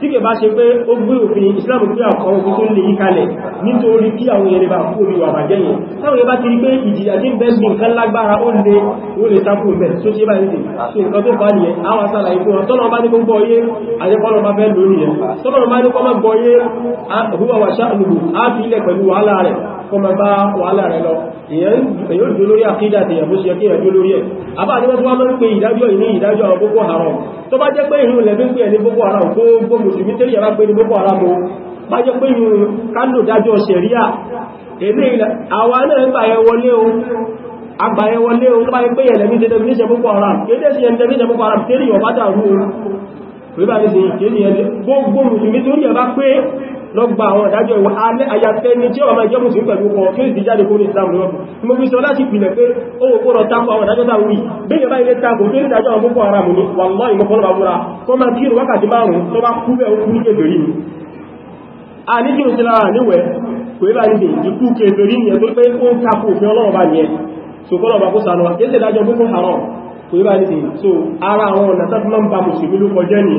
tí kẹ bá ṣe pé ó gbé òfin islam pé àkọ́ ogun tó lè yí kalẹ̀ nítorí kí àwọn èrè bá kú oríwà bàjẹ́ yẹn táwọn yẹn bá ti rí pé ìjìyà tí ń bẹ́ sí nǹkan lágbára ó lè ó lè sáfù mẹ́ tó ṣe báyìí sí ṣe nǹkan tó fà nìyẹn àwọn asàlà ikú wọn tọ́lọ́ bá ní kó gbọ́ yé àyẹ́kọ́lọ́ bá fẹ́ lórí yẹn tọ́lọ́ bá ní kó má gbọ́ yé àhúwà wà ṣáàlùbù á fi ilẹ̀ pẹ̀lú wàhálà rẹ̀ ìdájọ́ ìní ìdájọ́ àwọn Boko Haram tó bá jẹ́ pé ìrìn olẹ́gbẹ́ pé ẹni Boko Haram gbogbo mùsùlùmí tẹ́lẹ̀ yàrá pé ní boko haram o bá jẹ́ pé yìí kánò dájọ́ sẹ̀ríà èlé ilẹ̀ àwa náà ń gbàyẹ wọlé o agbàyẹ wọlé o bá yẹ pé yẹ̀lẹ̀ ní definition boko haram kéde sí yẹn definition boko haram tẹ́lẹ̀ yọ̀ bá dàrú o pé bá ní sí kéde yẹn gbogbo mùsùlùmí tó yẹ̀ bá pé lọ́gbà àwọn ìdájọ́ ìwọ̀ ayàfẹ́ ni tí ọmọ ìjọ́ mùsùlùmí pẹ̀lú ọkọ̀ kí ó sì jáde kúrò Islam lọ́pù mo fi sọ láti pìlẹ̀ pé ó kóòrò tako àwọn ìdájọ́ tàwí bẹ́yẹ̀ bá ilé tako tó ìdájọ́ àwọn púpọ̀ ara mù ní wàlọ́ ìmọ̀kọ́lọ́ àbúra tó máa kírù wákàtí márùn-ún tó bá kú bẹ́ẹ̀ ó kú ní kèbèrè ni a ní kírù sí lára níwẹ̀ kò bá ní dè ikú kèbèrè ni ẹ̀ tó pé ó ń tako òfin ọlọ́run bá ní ẹ̀ sòkọ́lọ́ bá kó sànú wa kéèsè ìdájọ́ púpọ̀ haram kò yíba ní sí so ara àwọn ọ̀nà tàbílọ́m bá mùsùlùmí ló kọjẹ́ ní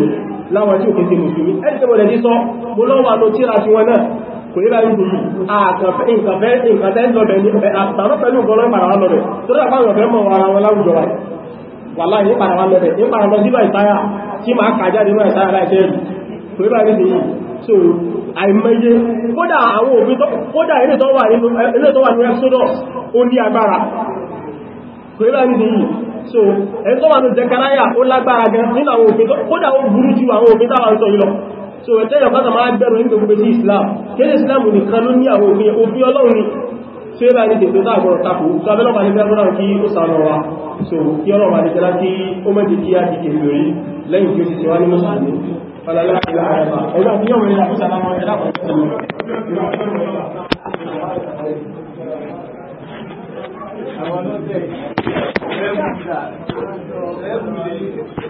láwọn tí ò kéèsè mùsùlùmí ẹgbẹ̀rẹ̀ ní sọ mo lọ́wà ló tíra ti wọn náà kò yíba ní sí àkànfẹ́ ìkàfẹ́ ìlọ́bẹ̀ ní àtàrọ́ pẹ̀lú ọgọ́rọ́ ìpàdàwà lọ́rẹ̀ tó dà fáwọn ọ̀fẹ́ mọ̀ ara wọn láwùjọ wa wàlá ní ìpàdàwà lọ́rẹ̀ ní ìpàdàwà síbà ìsáyà tí máa kàjá nínú ìsáyà láìṣẹ́ kò yíba ní sí so àìmọye kódà àwọn òbí kódà ilé tó wà nínú Exodus ó ní agbára kò yíba ní sí yìí so ẹni tó wà ní Zakaria ó lágbára gan nínú àwọn òfin kódà ó burú ju àwọn òfin táwọn sọ yìí lọ so ẹ̀tẹ́ yẹn fásitì máa gbẹ̀rù ní gbogbo sí Islam kéde Islam nìkan ló ní àwọn òfin òfin Ọlọ́run ni tí ó bá ní tètè tó àgbọ̀rọ̀ tapò tó abẹ́lọ́ bá ní fẹ́ múra kí ó sànà wa so kí ọlọ́ bá ní fẹ́ láti ó mẹ́jì kí á ti kèfì orí lẹ́yìn tí ó sì ti wá ní mùsùlùmí falala ìlà àyàbà ẹgbẹ́ àti yọ̀wọ̀ ìlà àwọn ọlọ́bẹ̀ ẹ̀rù ìjà ẹ̀rù ìlẹ̀